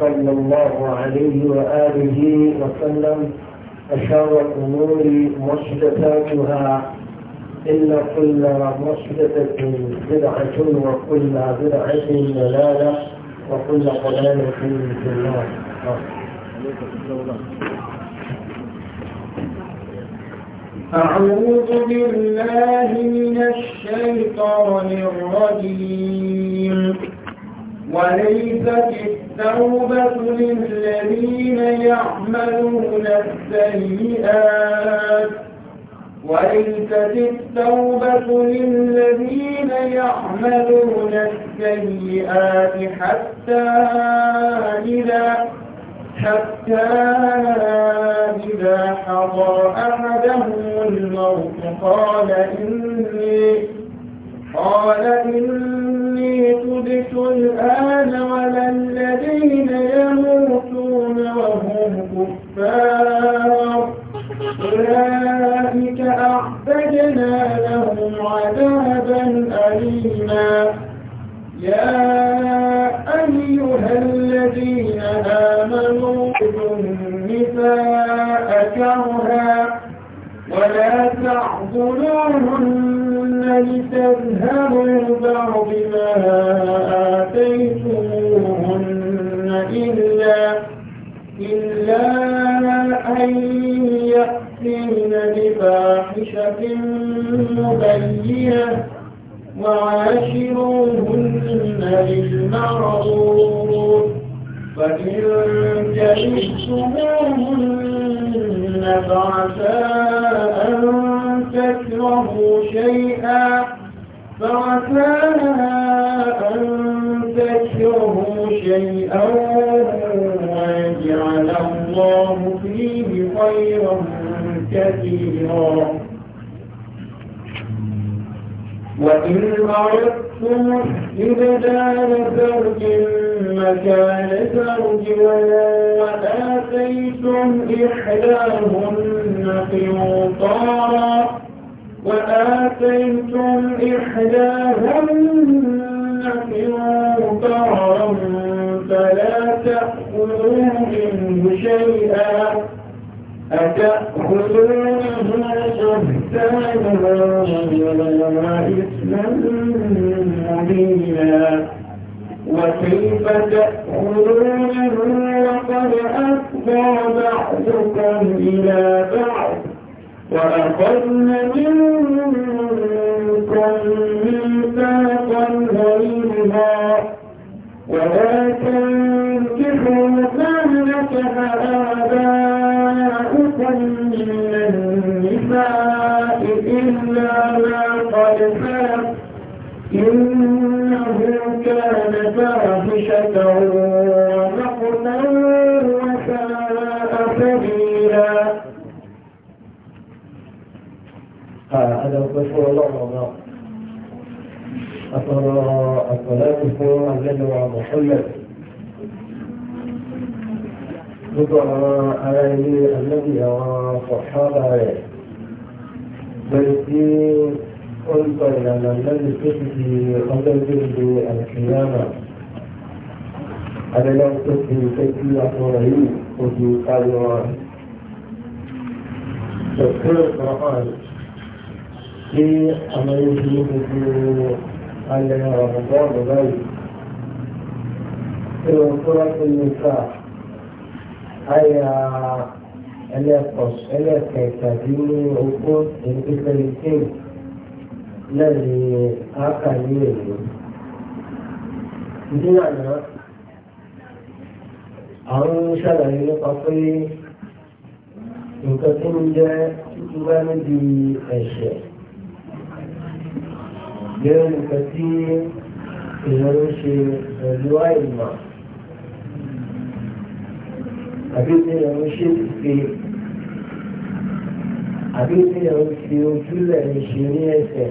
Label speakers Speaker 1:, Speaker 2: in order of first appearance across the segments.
Speaker 1: صلى الله عليه وآله وسلم أشار الأمور محدثاتها إن كل محدثة بدعة وكل بدعة ضلالة وكل ضلالة في النار
Speaker 2: أعوذ بالله من الشيطان الرجيم وليست التوبة للذين يعملون السيئات وليست التوبة للذين يعملون السيئات حتى إذا حتى إذا حضر أحدهم الموت قال إني قال إني تبت الآن ولا الذين يموتون وهم كفار أولئك أعبدنا لهم عذابا أليما يا أيها الذين آمنوا نساء كرها ولا تعقلوهن لتذهبوا بعض ما آتيتموهن إلا, إلا أن يأتين بفاحشة مبينة وعاشروهن بالمعروف فإن كرهتموهن إنك عسى أن تكرهوا شيئا فعسى أن تكرهوا شيئا ويجعل الله فيه خيرا كثيرا وإن أردتم إبدال زوج كان زوجا وآتيتم إحداهن قنطارا وآتيتم إحداهن قنطارا فلا تأخذوا منه شيئا أتأخذونه بهتانا وإثما مبينا وكيف تأخذونه وقد أفضى بعضكم إلى بعض وأخذن منكم ميثاقا غليظا ولا تنكحوا ما نكح آباؤكم من النساء إلا ما فاحشة ومقتا وساء سبيلا
Speaker 1: هذا هو مشروع الله أترى الصلاة والسلام على النبي محمد ذكر عليه النبي وصحابه بل قلت إلى الذي تجدي قدر القيامة adẹ́lẹ́ tó fi ìfẹ́ sí àtọ́rọ̀ yìí ojú káyọ̀ rẹ̀. Ṣọ̀kúrò Kọ̀ọ̀án tí àmọ́ yóò fi gbogbo ayẹyẹ ọ̀rọ̀mọ̀gbọ́n báyìí. Ṣé o kúrò tó yẹ ká ayà ẹlẹ́kẹ̀ẹ́tàdínní ogún ẹ̀ńtẹ́fẹ́lẹ́tẹ́ lẹ́yìn ákàlẹ́ èlò. Ìdí àná àwọn ṣàlàyé nípa pé nǹkan tó ń jẹ́ túbá níbi ẹ̀ṣẹ̀ jẹ́ nǹkan tí èèyàn ń ṣe pẹ̀lú àìmọ̀ àbí tí èèyàn ń ṣe ìpè àbí tí èèyàn ń fi ojúlẹ̀ ń ṣe ní ẹ̀ṣẹ̀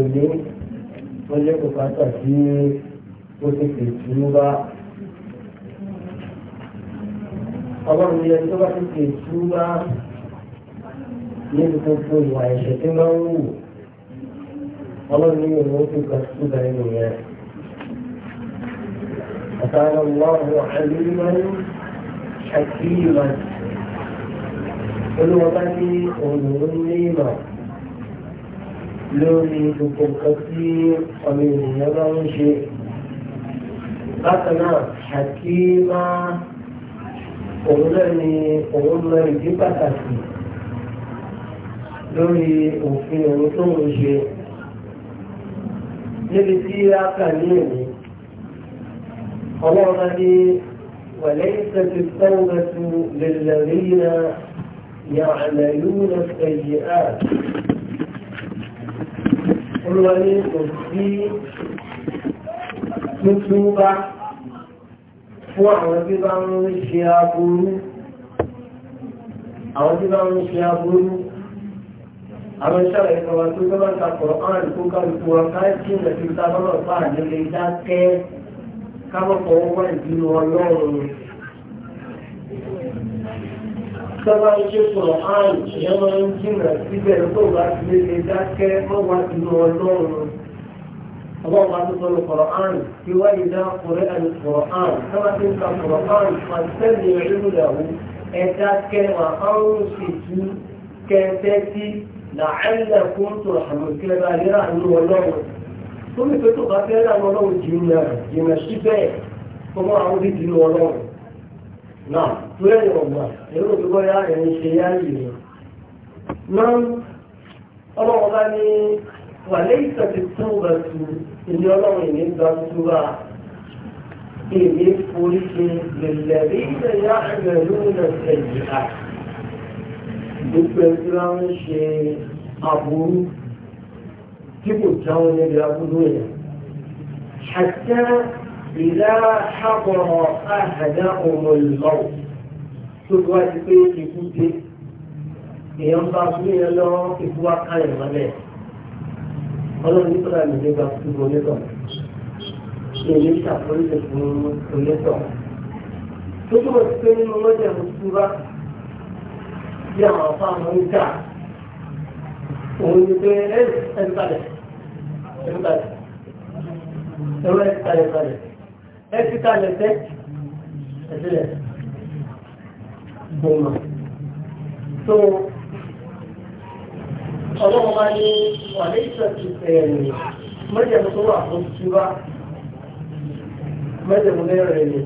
Speaker 1: ìdí wọ́n jẹ́ kó pátá ó ti fi túbá. ọlọ́run yẹ tó bá ti ṣe ìtura níbi gbogbo ìwà ẹ̀ṣẹ̀ tí máa ń wù ọlọ́run yẹ ló ti kà sí ìbẹ̀rẹ̀ nìyẹn. وكان الله عليما حكيما قل وبني أولو النيمة lórí gbogbo nǹkan tí ọmọ ènìyàn bá òun náà ni òun mọ ìdí pàtàkì lórí òfin òun tó ń ṣe níbi tí a kà ní èmi ọlọ́run náà ní وليست التوبة للذين يعملون السيئات olùwàlẹ́ kò sí tuntun bá fún àwọn tí bá ń ṣe aburú àwọn tí bá ń ṣe aburú àwọn iṣẹ́ rẹ̀ tó tó bá ń ṣe sọ̀rọ̀ àrùn ìyẹn máa ń jìnnà síbẹ̀ tó bá ti lè dákẹ́ mọ́wàá ìdúró ọlọ́run اللهم عزيز القرآن وإذا قرأ القرآن كما تلك القرآن فاستمعوا له إذا كان أنصتوا كنتتي لعلكم ترحمون كلا بالغة أنه والله ثم فتو قاتل أن والله جنة جنة شبه ثم أعوذ دين والله نعم تريد الله يقول تقول يا يعني شيئا نعم الله wàlẹ́ ìsọ̀tì tó bá tu ìní ọlọ́run ìní gba túbà èmi forí ṣe lẹ̀lẹ́rí ìṣẹ̀yà ẹgbẹ̀rún lónà ṣẹ̀yìn à. gbogbo ẹgbẹ́ wa ń ṣe aburú tí kò jáwọ́ níbi aburú yẹn. حتى إذا حضر أحدهم الموت gbogbo wa ti pé ikú dé èèyàn bá fún yẹn lọ ikú wa ká yẹn ọlọ́run ní kọ́lá ìlú gba gbogbo onítọ̀ ní ilé fún onítọ̀ tó túbọ̀ sí pé nínú lọ́jà ìṣúra bí àwọn afá àwọn ń jà òun ni pé ẹ ẹni kalẹ̀ ẹni kalẹ̀ ẹwọ́ ẹni kalẹ̀ kalẹ̀ ẹ ti kalẹ̀ tẹ́ ẹ sílẹ̀ gbọ̀ngàn ọlọ́run bá ní wà ní ìṣẹ́jú ẹ̀rìn mẹ́jẹ̀mú tó wà fún túbá mẹ́jẹ̀mú lẹ́rẹ̀ ni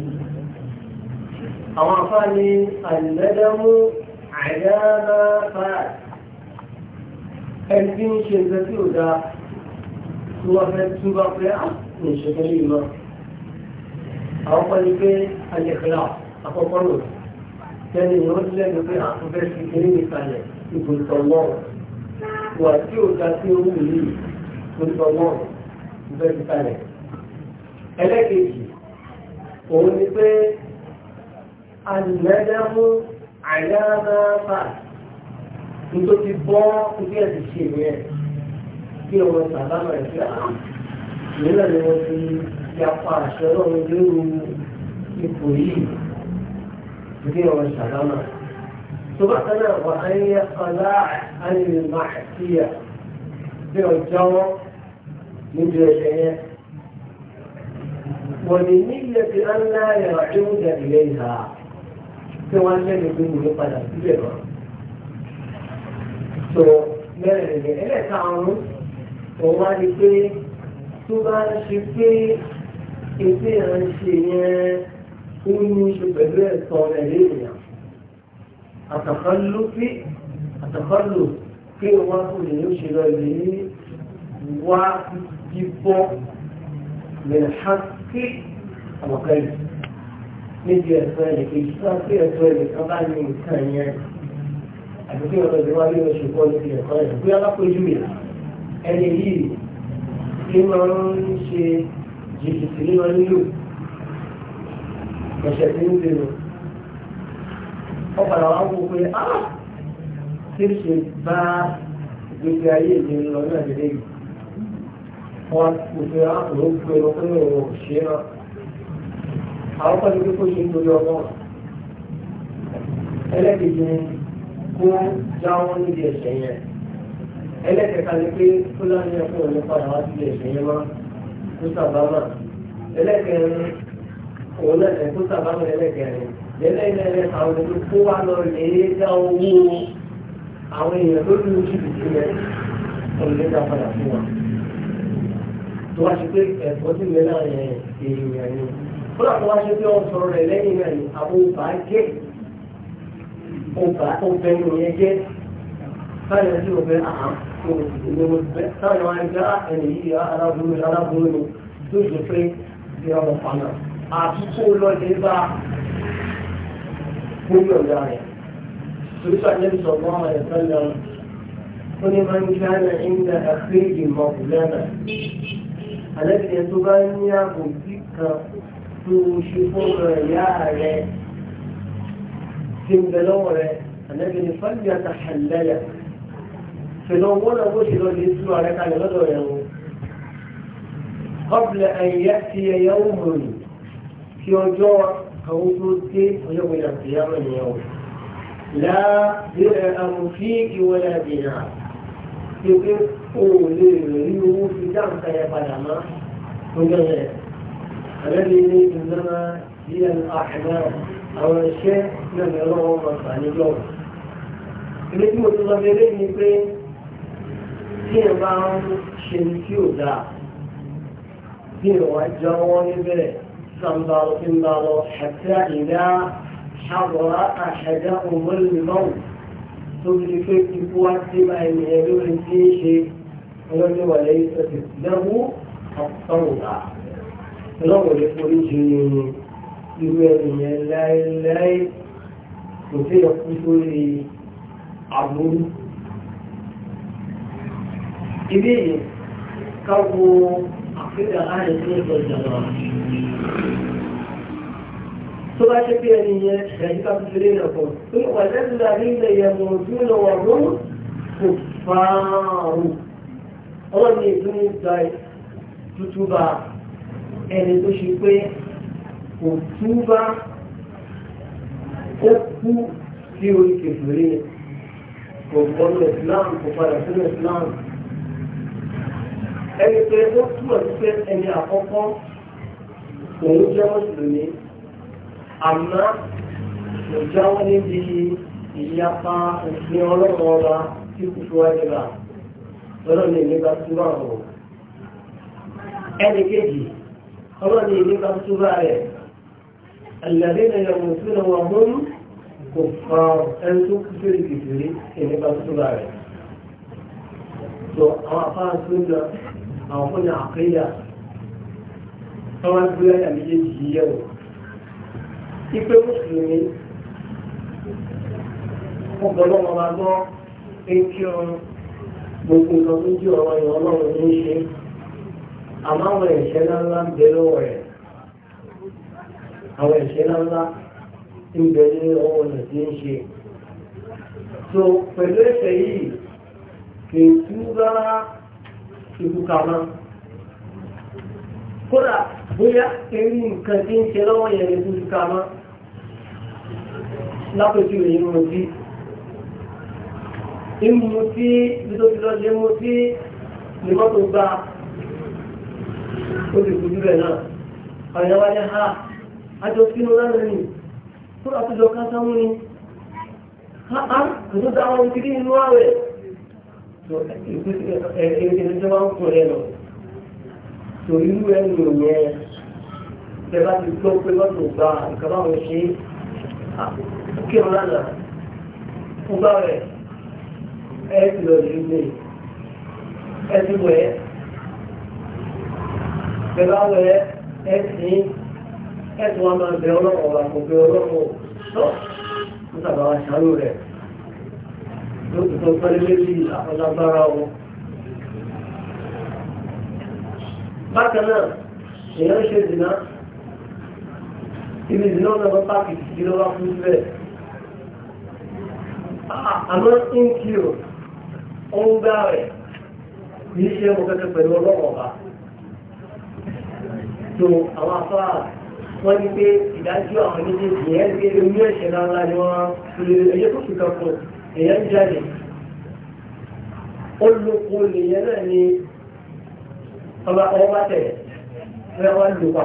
Speaker 1: àwọn afá ní àìlẹ́dẹ́mú àyáàbá fáà ẹni tí ń ṣe ìgbẹ́ tí ò dá tí wọ́n fẹ́ túbá pé á ní ìṣẹ́jú yìí mọ́ àwọn pẹ́ pé àyẹ̀kẹ́lá àkọ́kọ́ rò lẹ́nu ìrọ́lẹ́nu pé àtúnfẹ́ ah, fi eré nìkan yẹ ibùsọ̀ lọ́wọ́ wà tí ò ta sí owó yìí orúkọ wọn bẹ́ẹ̀ ti kalẹ̀. ẹlẹ́kejì òun ni pé alẹ́dẹ́mú àyánáfà nítorí ti bọ́ ibi ẹ̀ ti ṣe yẹn kí ọmọ sàlámà ah, ẹ̀ fi hàn ni wọ́n ti yapa àṣẹ náà lérò ipò yìí kí ọmọ sàlámà ẹ̀. سمعتنا وأن يقلع عن المعصية بالجوع من جشعية وبنية أن لا يعود إليها سوى كان يكون يقلع بجوع so mẹ́rin ní ẹlẹ́karùn-ún òun wá di pé tó bá ń ṣe pé ètò ìrànṣe yẹn ó ní í ṣe pẹ̀lú ẹ̀sán ẹ̀lẹ́yìn àtàkọ́lùfí àtàkọ́lù kí wọ́n kò lè ṣe lọ lè ní wá bíbọ́ mẹ́hàkí àwọ̀kẹ́lì níbi ẹ̀sọ́ ẹ̀lẹ̀ kejì tó pé ẹ̀sọ́ ẹ̀lẹ̀ kan bá ní nǹkan yẹn àti kí ọ̀rọ̀ ìwà ní oṣù kan níbi ẹ̀kọ́ ẹ̀sọ́ bí alápòjú mi ẹni yìí kí máa ń ṣe jìbìtì nínú nílò ẹ̀ṣẹ̀ tí ń bèrò ó padà wá wò pé áá tí ń ṣe bá gbèsè ayé mi lọ ní àdéhùn yìí wọn ah, kò fi àwọn òpè lọ pé òun ò ṣe é náà àwọn kan ní pé kó ṣe ń torí ọmọ ẹlẹ́kejì ni kó jáwọ́ níbi ẹ̀ṣẹ̀ yẹn ẹlẹ́kẹta ni pé kó láti ẹ̀kọ́ òun padà wá síbi ẹ̀ṣẹ̀ yẹn mọ́ kó sábà mọ́ ẹlẹ́kẹrin òun náà ẹ̀ sábà mọ́ ẹlẹ́kẹrin lẹ́lẹ́ àwọn ènìyàn kó wá lọ lè dá owó àwọn èèyàn lórí oṣù ìdílé olùdíjà padà fún wa tó wá ṣe pé ẹ̀fọ́ sí ilẹ̀ náà yẹn èèyàn ni ó dàpọ̀ wá ṣe pé wọ́n sọ̀rọ̀ rẹ̀ lẹ́yìn náà ni àwọn ọba jẹ́ ọba ọbẹ̀nu yẹn jẹ́ sáyẹn sí ọbẹ̀ àhán sáyẹn wá ń gbá ah, ẹni yìí ah, aláboyún aláboyún tó tó yọ̀ǹda rẹ̀ torípa ẹni sọ fún àwọn ẹ̀fẹ́ lọ ó ní máa ń gbé àná ìgbà àkéèdè mọ̀kùlẹ́nà àlẹ́kẹ̀ẹ́ tó bá ní ààbò tí kan tó ṣe fún ọ̀rọ̀ ìyá rẹ̀ tí ń bẹ lọ́wọ́ rẹ̀ àlẹ́kẹ̀ẹ́ fàájì àtàhàlẹ́yà pẹ̀lú ọwọ́ náà bó ṣe lọ lè tú ààrẹ kalẹ̀ lọ́dọ̀ rẹ̀ o. قبل أن يأتي يوم في أجور àwọn ogun dé ọjọ́ gbọ́dọ̀ àtìyáwó ènìyàn o láàbẹ̀rẹ̀ àwọn fi ìwọlé àdìyà tí ó pé o ò lè rí owó fi dáǹkà yẹn padà mọ́ tó gbẹ̀rẹ̀ àlẹ́bí ní ìnáwó ìyá àhẹ́mẹ́ àwọn iṣẹ́ náà ní ọlọ́wọ́ máa fà níjọ́ ilé tí mo ti lọ bẹ̀rẹ̀ ni pé tí ẹ bá ń ṣe tí ò dáa bí ìwà jáwọ́ níbẹ̀rẹ̀ تنظر تنظر حتى إذا حضر أحدهم الموت تدرك القوات بما ينهلون فيه ولي وليست له الطوبة لو يقول يقول يا الله الله وفي قتل عبود إليه كفو àfihàn àárẹ̀ tó ń sọ ìjàmbá. tó bá ṣe pé ẹni yẹn ẹ̀yìn ká fi ṣeré rẹ̀ pọ̀ pé wàlẹ́sì láàrin ilẹ̀ ìyẹ̀mọ̀ ojú lọ wà lóhùn kò fààrù ọlọ́ni ètò ń gba tútúbà ẹni tó ṣe pé kò túbà ó kú sí orí kẹfìrí kò gbọ́dọ̀ Islam kò padà sínú Islam ẹni pé ó túmọ̀ sí pé ẹni àkọ́kọ́ òun jẹ́ mùsùlùmí àmọ́ kò jáwọ́ níbi ìyapa òfin ọlọ́run ọba tí kò fi wáyé bá ọlọ́run ìlú bá túbọ̀ ẹni kejì ọlọ́run ìlú bá túbọ̀ rẹ̀ الذين يموتون وهم كفار أنتم كفر كفري إني بس تبعي. تو أعطاها سنة àwọn fún ní àkíyà tọ́wọ́n gbogbo nǹkan ọ̀rọ̀ ìwọ̀n ọlọ́run ní ṣe àmọ́ àwọn ẹ̀ṣẹ̀ ńláńlá ń bẹ lọ́wọ́ rẹ̀ àwọn ẹ̀ṣẹ̀ ńláńlá ń bẹ ní rẹ̀ tí ń ṣe so pẹ̀lú ẹ̀ṣẹ̀ yìí kì í ikú ká mọ́. kódà bóyá ewu nǹkan tí ń ṣe lọ́wọ́ yẹn ikú ká mọ́ lápẹ̀tù rẹ̀ yìí mo jí ìmú tí dídókítọ́ ṣe mú tí nìkan tó gba ó rẹ̀ náà àwọn ha àjọ sínú lánàá ni kódà tó jọ ká ni ha ha kò tó dáwọn ti rí inú àwẹ̀ èrè tó máa ń kún rẹ lọ tó irú ẹnu yẹn tẹ bá ti gbọ́ pé mọ́tò gba nǹkan báwọn ṣe kí wọn lánàá fún bá rẹ ẹ ti lọ lè gbé ẹ ti wẹ ẹ bá wẹ ẹ sì ẹ tún wọn máa bẹ ọlọ́pàá kò bẹ ọlọ́pàá tó ń sábà ṣàlù rẹ lóòtọ́ pẹ́lẹ́ lérí àfọlágbára wọn. bákan náà èèyàn ṣe dìná ibi dìná náà wọ́n pààkì títí lọ́wọ́ fún bẹ́ẹ̀. àmọ́ ń kí o ó ń gbá rẹ̀ kì í ṣe mo kẹ́kẹ́ pẹ̀lú ọlọ́wọ́ ọba. tó àwọn afárá wọ́n ní pé ìdájọ́ àwọn méjèèjì yẹn ń gbé omi ẹ̀ṣẹ̀ lára ni wọ́n fi ẹyẹ tó fi kan fún èèyàn ń jalè olùkó lèèyàn ni ọba ọwọ́ bá tẹ̀ fẹ́ wá lù pa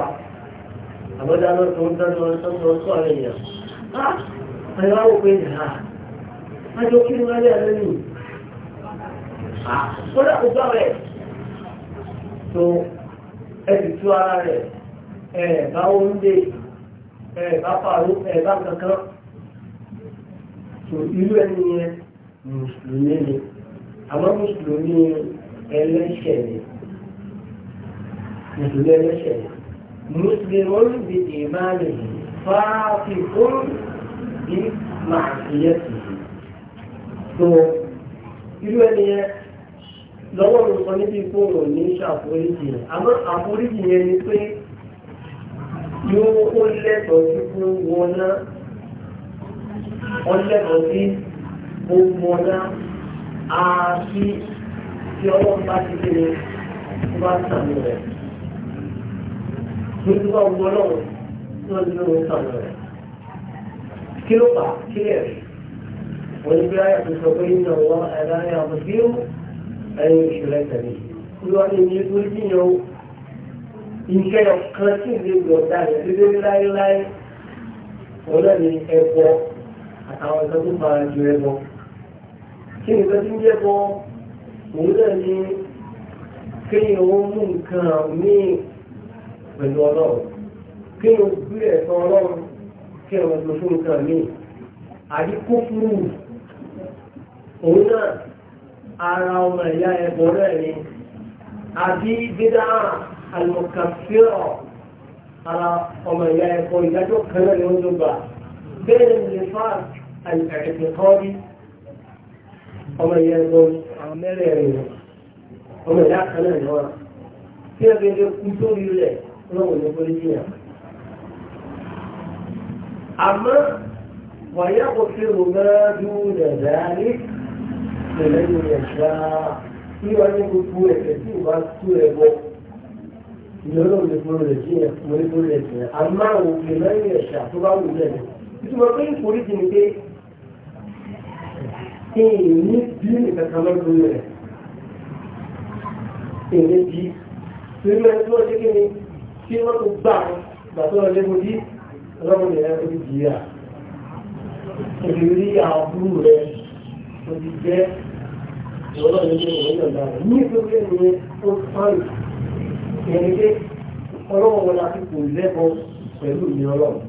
Speaker 1: àbọ̀dá náà tó ń dáná sọ́kùnrin sọ́ àwọn èèyàn ah, ẹ̀rọ àwọn òpin nìyà ah, ájọ kí ni wọ́n lé ah, ẹ̀rọ nìyí ara rẹ̀ ẹ̀ kankan. so irú ẹni yẹn mùsùlùmí ni àmọ́ mùsùlùmí ẹlẹ́ṣẹ̀ ni mùsùlùmí ẹlẹ́ṣẹ̀ ni mùsùlùmí olùdí ìmáàlì fáàfì fún bí màṣíyẹ sí i so irú ẹni yẹn lọ́wọ́ mi sọ níbi fóònù ní ṣàforíjì yẹn àmọ́ àforíjì yẹn ni pé yóò ó lẹ́tọ̀ọ́ sí fún wọn náà wọ́n lẹ́tọ̀ọ́ sí gbogbo ọ̀dá àti tí ọlọ́run bá ti dé tó bá sàmì rẹ̀. Gbogbo bá gbogbo ọlọ́run tí wọ́n ti lé wọn sàmì rẹ̀. Kí ló fà kí lè rí? Wọ́n ní bí ayà tó sọ pé iná wọ́n ẹ̀dá ayà wọ́n sí ó ẹ̀yìn ìṣẹ̀lẹ̀ tẹ̀lé. Olúwa ni mi tó jìyàn o. Ìṣe ọ̀kan sí ìdíje ọ̀dà rẹ̀ dédé láéláé. Wọ́n náà ní ẹ̀kọ́ àtàwọn ìtọ́ tó fara ju ẹbọ kí ni ìtọ́ ń jẹ́ bọ òun náà ni kéèyàn ó mú nǹkan míì pẹ̀lú ọlọ́run kéèyàn ó gbé ẹ̀sán ọlọ́run kéèyàn ó lò fún nǹkan míì àdínkù fúrú òun náà ara ọmọ ìyá ẹbọ náà ni àbí dídá àlùkàfíọ̀ ara ọmọ ìyá ẹbọ ìdájọ́ kan náà ni ó dọ́gba bẹ́ẹ̀ ni fáàkì. الاعتقادي ọmọ ìyá ẹ̀gbọ́n àwọn mẹ́rẹ̀ẹ̀rin rẹ̀ ọmọ ìyá kan náà lọ́wọ́ tí ẹ fi lè kú sórí rẹ̀ lọ́wọ́ ní pólítíà. àmọ́ wàyà kò fi rògbàdú dàdá ní ìpìlẹ̀ ní ẹ̀ṣá tí wọ́n ní gbogbo ẹ̀ṣẹ̀ tí ìwà tú ẹ̀ bọ́ ìyọ́nà òní fún rẹ̀ sí ẹ̀ fún rẹ̀ sí ẹ̀ àmọ́ òkè lẹ́yìn ẹ̀ṣá tó bá wù lẹ́nu ìtumọ̀ pé ìforíjì ni pé kí èyí ní bí ìkankan lọ́dún rẹ̀ èyí bí nínú ẹni tí wọ́n ṣe kí ni kí wọ́n tó gbà gbà tó lọ lébo bí ọlọ́run yẹn ó ti jìyà ìrírí àbúrò rẹ̀ ó ti jẹ́ ìwọ́lọ́run yẹn ní ìgbésí ẹni yẹn ó sáré ẹni pé ọlọ́run wọn láti kò lẹ́bọ pẹ̀lú ìrọlọ́run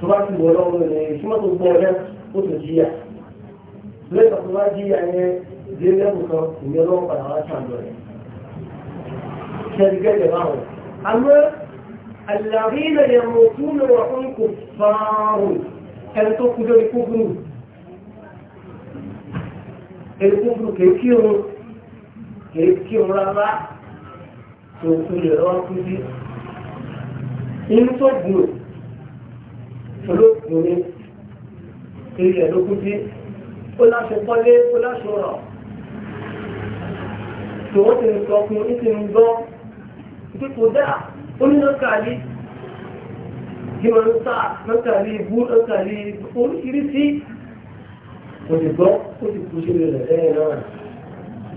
Speaker 1: tó bá ti wọ ọlọ́run yẹn ìṣúná tó gbọ́ ọ ó ti jìyà lórí ìgbà tó bá jí ayẹ dé lẹ́bù kan ìyẹn lọ́wọ́ padà wá ṣàjọ rẹ̀ ṣẹ́dígẹ́lẹ̀ báwọn àmọ́ àlàrílẹ̀ yẹn mo tún lè wà fún kò fáàrùn ẹni tó kú lórí kúkúrú ẹni kúkúrú kìí kírun kìí kírun rárá tó kú lè lọ́wọ́ kú sí inú tó gbùn olóògùn ni ilẹ̀ ló kú sí ó láṣọ pọ́lé ó láṣọ rọ̀ tòun ti ń sọ fún un ti ń gbọ́ pé kò dáa ó ní lọ́kàlí kí wọ́n ń sá lọ́kàlí ibú lọ́kàlí oríṣiríṣi kò sì gbọ́ ó sì kú sí rẹ̀ lẹ́yìn náà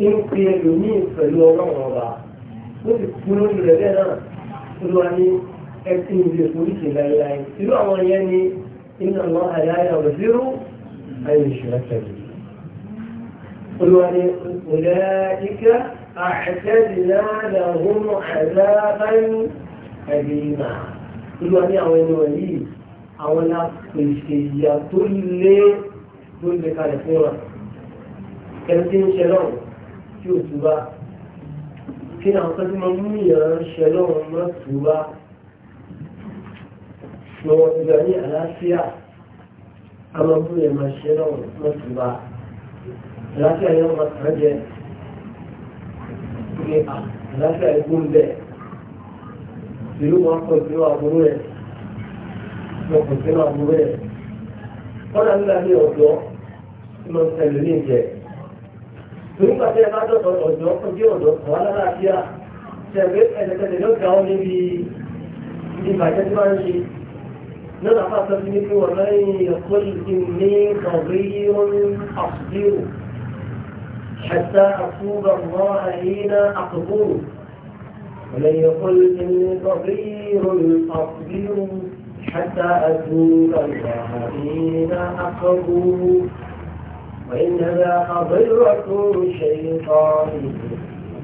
Speaker 1: ń pe ẹlòmíì pẹ̀lú ọlọ́run ọba ó sì kú lórí rẹ̀ lẹ́yìn náà olúwa ní ẹtí ìlú èkó ìṣèlú ayé ayé ìlú àwọn yẹn ní iná lọ́ àyà ayé ìṣẹ́kẹ̀lẹ̀ olùwàní òlẹ́ ikẹ́ àṣẹ́dìlá lẹ́hùn àdáàbá ẹ̀dìmà olùwàní àwọn ẹni wọ̀nyí àwọn la pèsè ìyà tó lé ló lè kalẹ̀ fún wa ẹni tí ń ṣe lọ́rùn tí ò túbá kí ni àwọn tọ́jú máa ń mú ìyàn ṣe lọ́rùn mọ́ túbá lọ́wọ́ ìgbà ní àlàáfíà àwọn ọdún yẹn máa ṣe náà wọ́n ti bá àlàáfíà yẹn máa tàn jẹ pé àlàáfíà yẹn gún bẹ́ẹ̀ ìlú wọn kọ ìlú àbúrò rẹ̀ wọn kò sínú àbúrò rẹ̀ wọ́n náà nígbà ní ọ̀dọ́ tí wọ́n ń tẹ̀lé ní ìjẹ́ nígbà tí ẹ bá dọ̀tọ̀ ọ̀dọ́ kó dé ọ̀dọ́ kọ́ alálàáfíà ṣẹ̀gbẹ́ ẹ̀ẹ́dẹ̀gbẹ̀dẹ̀ ló ga ọ́ níbi ìbàjẹ́ tí wọ́n ń ṣe. نضع تسميك ومن يقل إني صغير أصبر حتى أتوب الله حين أقبر ومن يقل إني صغير أصبر حتى أتوب الله حين أقبر وإنما ضرة شيطان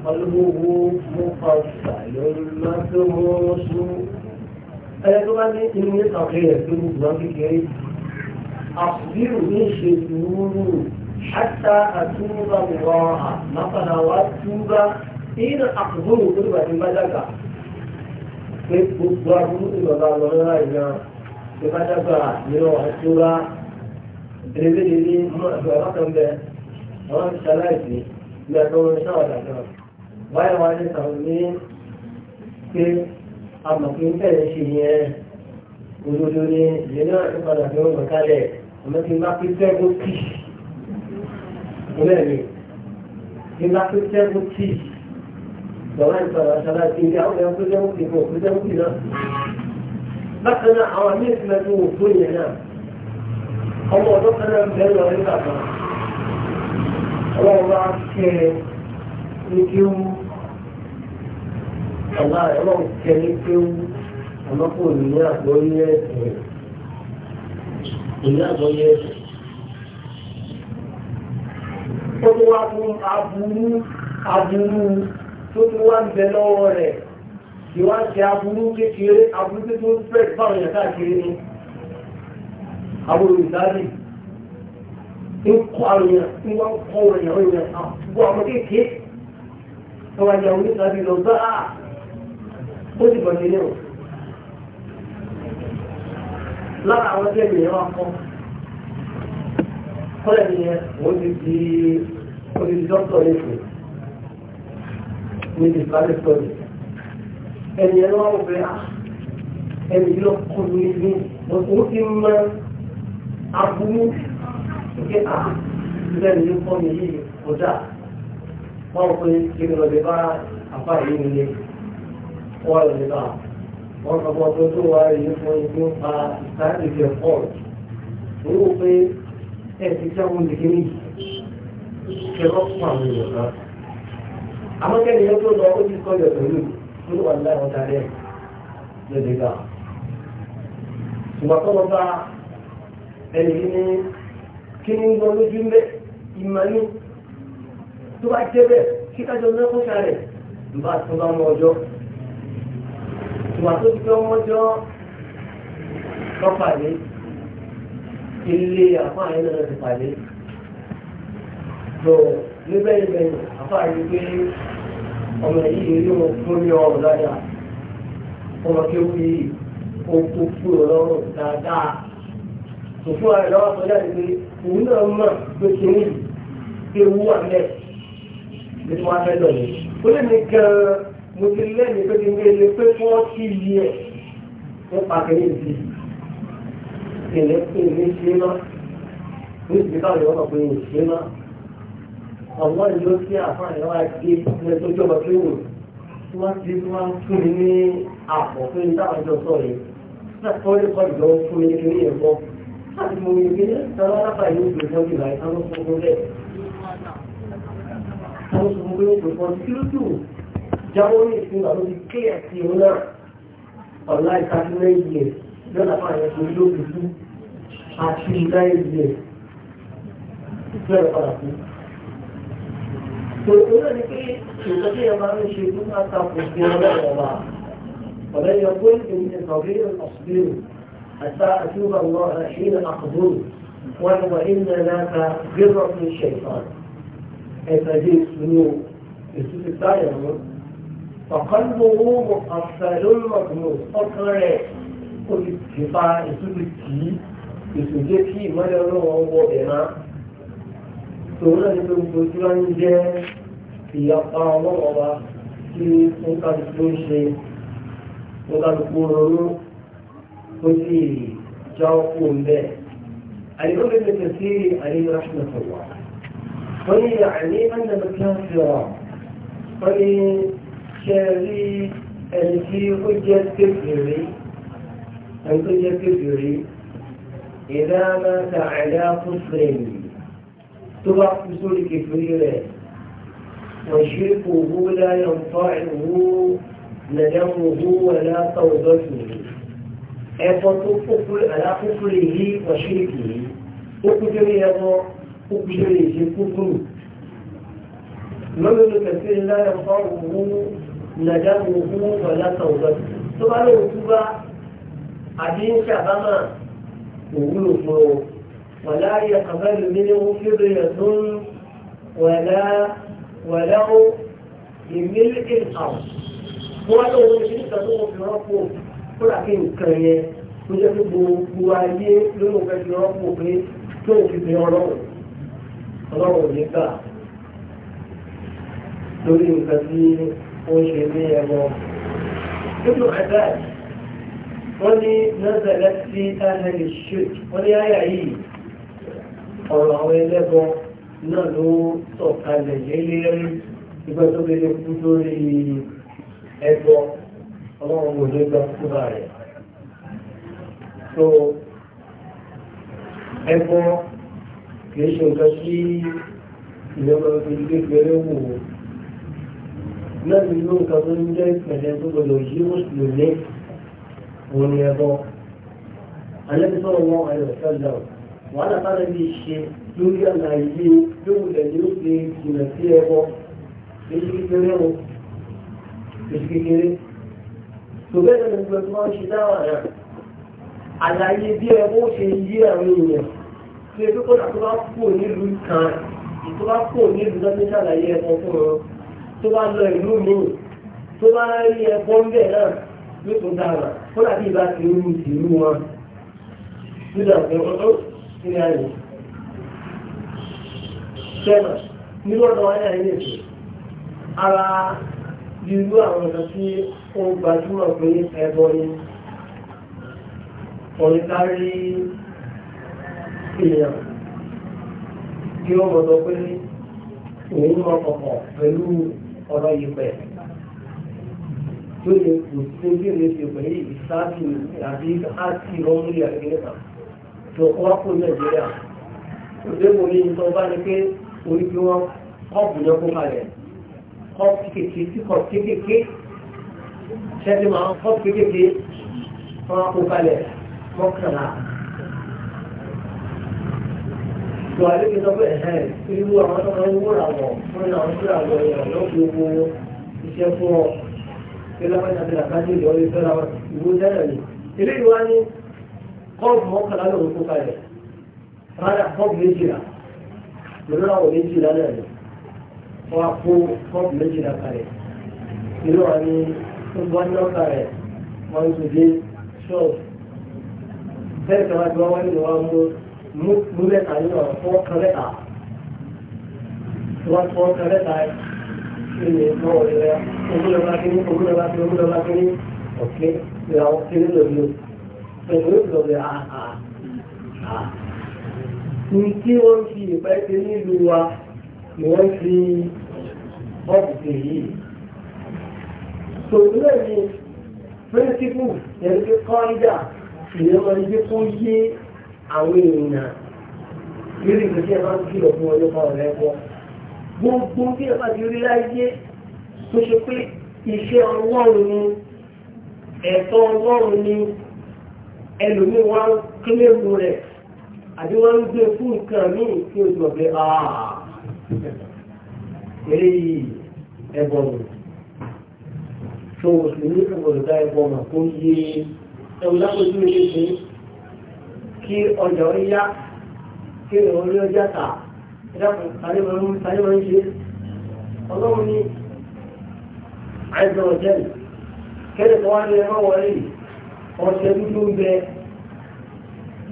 Speaker 1: قلبه مقفل مفروش ẹni tó bá ní inú ní sàkè rẹ̀ tó gbogbo wọn kékeré àbúrò ní ṣe sùúrù ṣáṣá àtúbà wọ́n à máfàdà wá túbà ìyẹn àkùkù tó bá ti bá dàgbà pé gbogbo àbúrò tó bá bá lọ lọ́la ìyá tó bá dàgbà nínú àtúbà dèrèdèrè ní mọ́tò àwọn kan bẹ àwọn ìṣaláìsì ní àtọ́wọ́n ní sáwọ́dà kan báyọ̀ wá ní pé àmọ̀kí ń bẹ̀rẹ̀ ṣe yẹn olódó ní ìlú náà ń padà fi wọn kalẹ̀ àmọ́ tí bá pín sẹ́gun tì ọlẹ́mi tí bá pín sẹ́gun tì bàbá ìpàdà ṣáná ti ní àwọn ẹ̀kọ́ sẹ́gun tì fún òkú sẹ́gun tì náà. bákan náà àwọn míì ti lẹ́nu òkú yẹn náà ọmọ ọdún kan náà ń bẹ́ẹ̀ lọ nígbà kan ọlọ́run bá kẹ́ ẹ ní kí ó mú ọ̀la ọlọ́run kẹ ní kéwú àmọ́ ní àgbọ́yé ẹ̀sìn ní àgbọ́yé ẹ̀sìn. ó ní wá fún aburú aburú tó ti wá ń bẹ lọ́wọ́ rẹ̀ kí wá ṣe aburú kékeré aburú tó tó fẹ́ẹ̀ báwọn yàtá kiri ni aburú ìdájì ń kọ́ àwọn ń wá ń kọ́ àwọn èèyàn àwọn èèyàn àbúrò àwọn kékeré tó wájú àwọn oníṣàbí lọ bá a ó sì bọ̀ nílé o lára àwọn tí ènìyàn wá kọ́ kọ́lẹ̀ nìyẹn wọ́n ti di odidi dọ́kítọ̀ lẹ́sìn ní ti sáré sọ́ọ̀dì ènìyàn wá wọ́n fẹ́ ah, ẹni yìí lọ kọ́ ní ibi ti mọ aburú ní à ìgbẹ́ ní kọ́ ní yìí kọjá wọ́n fẹ́ kí ni lọ́ọ́ bá àbá yìí nílé wọ́n lè wọ́n kọ́ bọ́ tó tó wá yìí fún ibi pa ìsáàdì jẹ pọ́ọ̀t pé ẹ ti sẹ́wọ́n lè ní kẹ́kọ̀ọ́ fún àwọn èèyàn kan àmọ́ kẹ́ni yẹn tó lọ ó ti kọ́ yọ̀ pẹ̀lú tó wà láwọn darí ẹ̀ lóde gà ṣùgbọ́n tó bá ẹni yìí ní kí ní lọ lójú mbẹ́ ìmọ̀ tó bá jẹ́ bẹ́ẹ̀ kí kájọ náà kó sáré nígbà tó bá mọ ọjọ́ ìwà tó ti pé wọ́n jọ lọ́pàdé ilé àfáà yẹn lọ́dọ̀ ti pàdé tó níbẹ̀ níbẹ̀ àfáà yìí pé ọmọ yìí rí wọn fún ní ọrùn dáadáa ọmọ kéwù yìí ó tó fún ọ lọ́rùn dáadáa tó fún ara lọ́wọ́ sọ jáde pé òun náà mọ̀ pé kìíní pé wú àmẹ́ nípa fẹ́ lọ́yìn ó lè ní gan-an mo ti lẹ́yìn pé kí gbé pé wọ́n ti ẹ̀ nípa kẹ́lẹ́ ìdí ìpìlẹ̀ ìpìlẹ̀ ṣe náà ní ìgbéká ìwọ́n náà pé ìṣe náà àwọn ìlú tí àfáà ìwọ́n á gbé ní ẹjọ́ ìjọba pé wò tí wọ́n ti tí wọ́n fún mi ní àpọ̀ pé ní táwọn ìjọ sọ rẹ̀ láti wọ́n lè kọ́ ìjọ fún mi ní ẹ̀kọ́ láti mú mi gbé tọ́lá lápá ìlú ìgbésọ́ ìlà ìtàn ló fún un bẹ́ẹ̀ jáwọ́ ní ìsinmi àwọn ike àti òun náà ọ̀la ìtàkì nàìjíríà lọ́la fún àyẹ̀ tó ló fi fún àti nàìjíríà lọ́la padà fún. Tòun náà ni pé ìtọ́jú yẹn máa ń ṣe fún àtàkùn sí ọlọ́run ọba. ومن يقول إن صغير أصبر حتى أتوب الله حين أقبل وهو إن لك جرة من الشيطان أي فديك سنو السوء الثاني ọ̀kánlówó ọ̀fẹ́lólọ́gbọ̀n ọkàn rẹ̀ ó ti ti fa ìtúbi tì í ìtòjé kí ìmọ̀lẹ́ ọlọ́wọ́ wọ ẹ̀rá tòun náà ní pé gbogbo tí wọ́n ń jẹ́ ìyapa ọlọ́wọ́ wa tí ó kálukú ń ṣe ó kálukú ronú ó sì já ọkọ̀ ń bẹ́ẹ̀. الإمام ابن كثير عليه رحمة الله قال يعني أن الكافر قال ṣe rí ẹni tí ó jẹ́ kékeré ẹni tó jẹ́ kékeré ìdáná ta ẹ̀dá fúnfẹ̀yìn tó bá kú sórí kékeré rẹ̀ wọ́n ṣe kò hó láyọ̀ fọ́ ìwú nàdáwó hó wà látọ̀ ọ̀dọ́sùn ẹ̀fọ́ tó kókúrò àlákókúrò yìí wọ́n ṣe kìí ó kú sórí ẹ̀fọ́ ó kú sórí ìṣe kúkúrò lọ́lọ́lọ́ kẹsí láyọ̀ fọ́ ìwú nàdá òkú ọ̀la kan ọ̀gbọ́n tó bá lóun kú bá àbí ń ṣàbámà òwúlò fún ọ wàlá yẹ àbálò nínú fíbi rẹ̀ tó ń wàlá wàlá ó ìmílí ìtàwọn wọ́n lóun ṣe nígbà tó wọ́n fi rọ́pò kúrò àti nǹkan yẹn tó jẹ́ pé gbogbo ayé ló ló fi rọ́pò pé tó o fi fi ọlọ́run ọlọ́run ò lórí nǹkan tí وشيرية ابن عباس ولي نزلت في أهل الشرك ولي آية هي ọ̀rọ̀ ẹlẹ́bọn náà ló sọ̀kalẹ̀ yẹ́lẹ́rí ìgbà tó bẹ̀rẹ̀ kú lórí ẹbọ ọlọ́run kò lè gbà fúnra rẹ̀. so ẹbọ kìí ṣe nǹkan sí ìjọba ìgbẹ́gbẹ́rẹ́ wò ó náà nínú nǹkan tó ń jẹ́ ìpẹ̀lẹ̀ tó gbọdọ̀ yí mùsùlùmí òun ni ẹbọ alẹ́bíṣọ́rọ̀ wọn ayọ̀ sẹ́lẹ̀ wàhálà tára bí ṣe lórí àlàyé lóhùnlẹ̀ ni ó ṣe jìnà sí ẹbọ èyí kékeré o èyí kékeré tó bẹ́ẹ̀ lẹ́nu gbogbo tó máa ń ṣe dáwà náà àlàyé bí ẹbọ ṣe yí àwọn èèyàn tí ẹbí kọ́nà tó bá kú nílùú kan ìtura kú nílùú lọ́dún ṣàlàyé ẹbọ fún wọn tó bá lọ ìlú míì tó bá rí ẹ̀kọ́ ń bẹ̀ náà ló tún dára fún àbí ìbá ti rú ìlú wọn nígbà pé ọ̀tọ̀ sí ní àyè. sẹ́nà nínú ọ̀dọ̀ wáyé àyè lè fẹ́ ara irú àwọn ọ̀dọ́ tí ó gbajúmọ̀ pé ẹbọ ni ọ̀rẹ́ kárí èèyàn tí ó mọ̀ sọ pé òun mọ̀ kọ̀kọ̀ pẹ̀lú ọ̀rọ̀ yìí pẹ̀ tó lè kù sí bí lè fi pẹ̀lú ìsáàtì àbí áàtì rọ́múlì àgbẹ̀rẹ̀ta tó wá kó nàìjíríà òdébò ní ìtọ́ bá ní pé orí bí wọ́n kọ́ọ̀bù náà kó kalẹ̀ kọ́ọ̀bù kékeré sí kọ́ọ̀bù kékeré ṣẹ́ni máa kọ́ọ̀bù kékeré wọ́n kó kalẹ̀ mọ́kànlá tó àlejò sọ pé ẹ̀hẹ́n irú àwọn tó máa ń wúra wọ̀ fún àwọn tó rà wọ̀ yẹn lọ́ gbogbo iṣẹ́ fún ọ pé lápẹ́ta ti làkájú ìjọ orí fẹ́ra ìwú tẹ́lẹ̀ ni eléyìí wá ní kọ́ọ̀bù mọ́kànlá lòun kó kalẹ̀ rárá kọ́ọ̀bù méjìlá lòun náà méjìlá náà ni wọ́n á kó kọ́ọ̀bù méjìlá kalẹ̀ ìlú wa ní gbogbo nọ́ọ̀kà rẹ̀ mú mẹ́ta nínú ọ̀rọ̀ fọwọ́ kan mẹ́ta wọ́n fọwọ́ kan mẹ́ta ìṣẹ̀lẹ̀ mọ́ ọ̀rẹ́ rẹ ogúnlọ́lá kínní ogúnlọ́lá kínní ogúnlọ́lá kínní ọ̀kẹ́ ìràwọ̀ kínní lòlù pẹ̀lú ìlọ̀lẹ̀ àhà ní kí wọ́n fi ìpẹ́ ti nílùú wa ni wọ́n fi ọ̀pù sí yìí tòlúwẹ̀ ni pírísípù yẹn ti kọ́ ìjà ìyẹn wọn ti kó yé àwọn èèyàn lórí ìgbé tí ń kìlọ̀ fún ọjọ́ kan ọ̀rẹ́ wọ. gbogbo bí ẹ ti rí láyé tó ṣe pé iṣẹ́ ọlọ́run ni ẹ̀tọ́ ọlọ́run ni ẹlòmíín wá ń kílẹ̀mù rẹ̀ àbí wọ́n ń gbé fún nǹkan míì tí o jọ pé eléyìí ẹbọ nù tó o sì ní ìgbòdòdá ẹbọ mà kó yé ẹwù lápòjú ilé ìgbé kí ọjọ́ yá kí orí ọjà tà ìdákùn sáré máa ṣe ọlọ́run ní àìsàn ọ̀jẹ̀lì kẹ́lẹ̀ kan wá ní ẹ̀rọ wọlé ọ̀sẹ̀ dúdú ń bẹ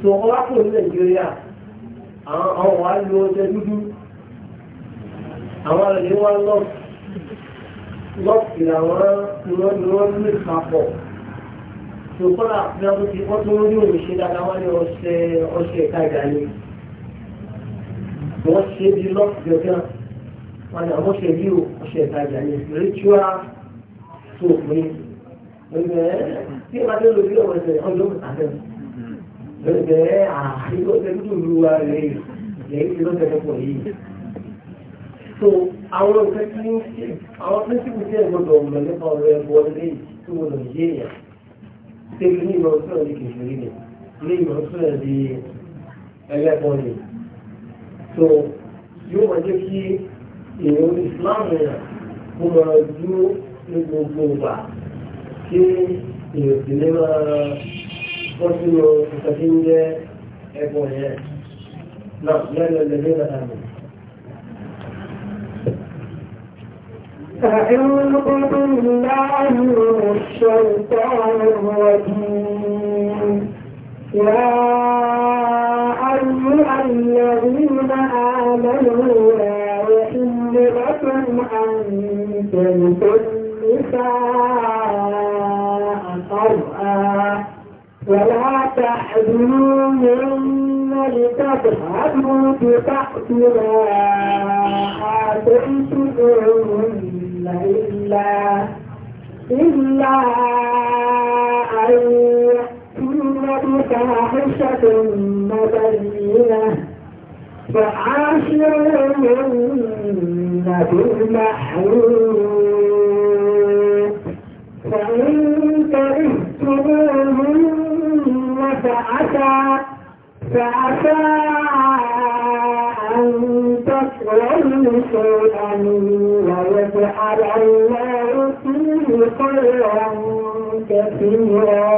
Speaker 1: tó ọlá ní nàìjíríà àwọn wà á dúdú àwọn àlejò wá lọ́ọ̀kì lọ́ọ̀kì làwọn ṣòkòrò àfihàn tó ti wọ́n tó ń rí òun ṣe dáadáa wọ́n ní ọṣẹ ọṣẹ ẹ̀ka ìdáni wọ́n ṣe bí lọ́ọ̀kì ọ̀gán wọn ni àwọn ṣe bí ọṣẹ ẹ̀ka ìdáni ritual soap ni ẹgbẹ́ tí ìwà tó lò sí ọ̀wọ́ ẹ̀sẹ̀ ọjọ́ àtẹ̀ ẹgbẹ́ àìkọ́ tẹ́lú ìlú wa rẹ̀ lẹ́yìn tí lọ́sẹ̀ tó pọ̀ yìí. so àwọn nǹkan àwọn píńsìpù débi ní ìmọ̀ òṣùwọ̀n di kìfìrí ni ní ìmọ̀ òṣùwọ̀n di ẹlẹ́bọn ni so yóò wọ́n jẹ́ kí ìrìn ìsìláàmù yẹn kó máa dúró ní gbogbo ìgbà kí ìrètí ní máa bọ́ sínú ìtọ́jú ń jẹ́ ẹ̀bọn yẹn náà lẹ́nu ẹ̀lẹ́dẹ́ náà أعوذ بالله
Speaker 2: من الشيطان الرجيم يا أيها الذين آمنوا لا يحل لكم أن تلقوا النساء ولا تحزنوا لتذهبوا ببعض ما آتيتموهن إلا إلا أن يأتين بفاحشة مبينة فعاشرهن بالمحروف فإن كرهتموهن فعسى فعسى أن تكرهوا شيئا ويجعل الله فيه خيرا كثيرا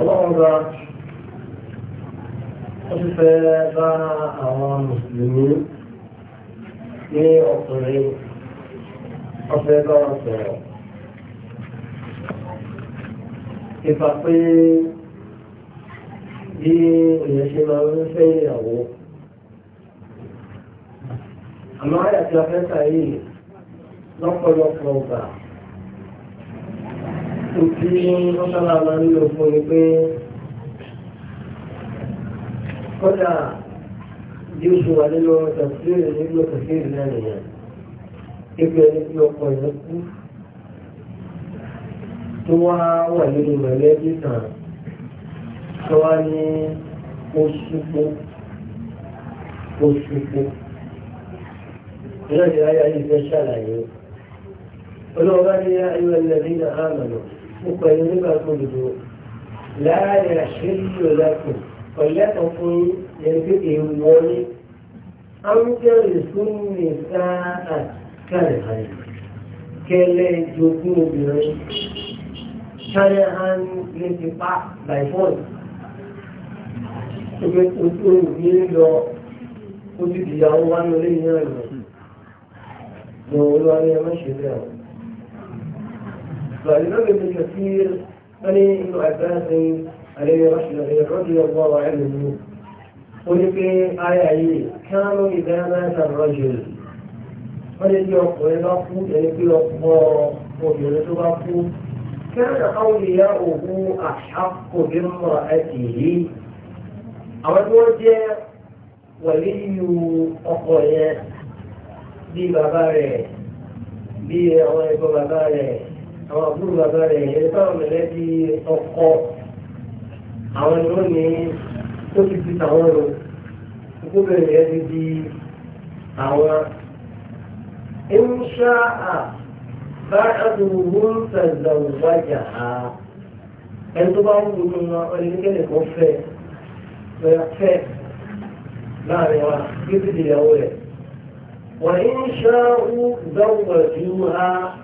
Speaker 1: ọlọ́ọ̀gá ó ti fẹ́ bá àwọn mùsùlùmí ní bí èèyàn ṣe máa ń fẹ́ ìyàwó àmọ́ àyàtí afẹ́fà yìí lọ́pọ̀lọpọ̀ ọgbà tó tí wọ́n sábà máa ń lò fún ni pé kódà bí ó ṣe wà nínú ọjà tí ó lè nílò kẹfíìrì náà nìyẹn ibi ẹni tí ọkọ yẹn tó wá wà nínú mẹ̀lẹ́bí kan ṣọwá ní oṣùpó oṣùpó ìrọ̀lẹ́ ayé ayé fẹ́ ṣàlàyé olóòwò ní ayé ẹlẹ́rìí náà àmàlò nípa ẹni nígbà tó dùdú láàyè àṣírí lẹ́kùn ọ̀lẹ́kọ̀ọ́ fún ẹni pé èèwọ̀ ni àwọn kẹrì fún mi sáà kárẹ̀ hàn kẹlẹ́ jogún obìnrin kárẹ̀ hàn ní tipa by force pé ojú òní lọ ojú ìyàwó wá ní olé yẹn rẹ̀ lọ olúwa ní ẹmọ́ ṣe bẹ́ẹ̀ o. فإذا ابن كثير فني ابن عباس عليه رضي الله عنه ولكي آية كانوا إذا مات الرجل فلن يقول له يقول له obìnrin tó bá kú kí ẹ̀rọ àwọn ìyá òun àṣàkò bí mọ̀ yìí àwọn tí wọ́n jẹ́ wàlíyù ọkọ yẹn bíi bàbá rẹ̀ bíi àwọn ẹ̀gbọ́n bàbá rẹ̀ àwọn àbúrò bàbá rẹ̀ yẹn táwọn mẹ̀lẹ́bí ọkọ àwọn ni wọ́n ní ó ti di tàwọn rò gbogbo yẹn ti di àwọn ìmúṣá à bá àdúgbò ń tẹ̀lé ọ̀gbájà ẹni tó bá wù ú nínú ọ̀rẹ́ nígbẹ̀lẹ̀ kan fẹ́ẹ́. لا معنى يبدي يوله وإن شاءوا زوجوها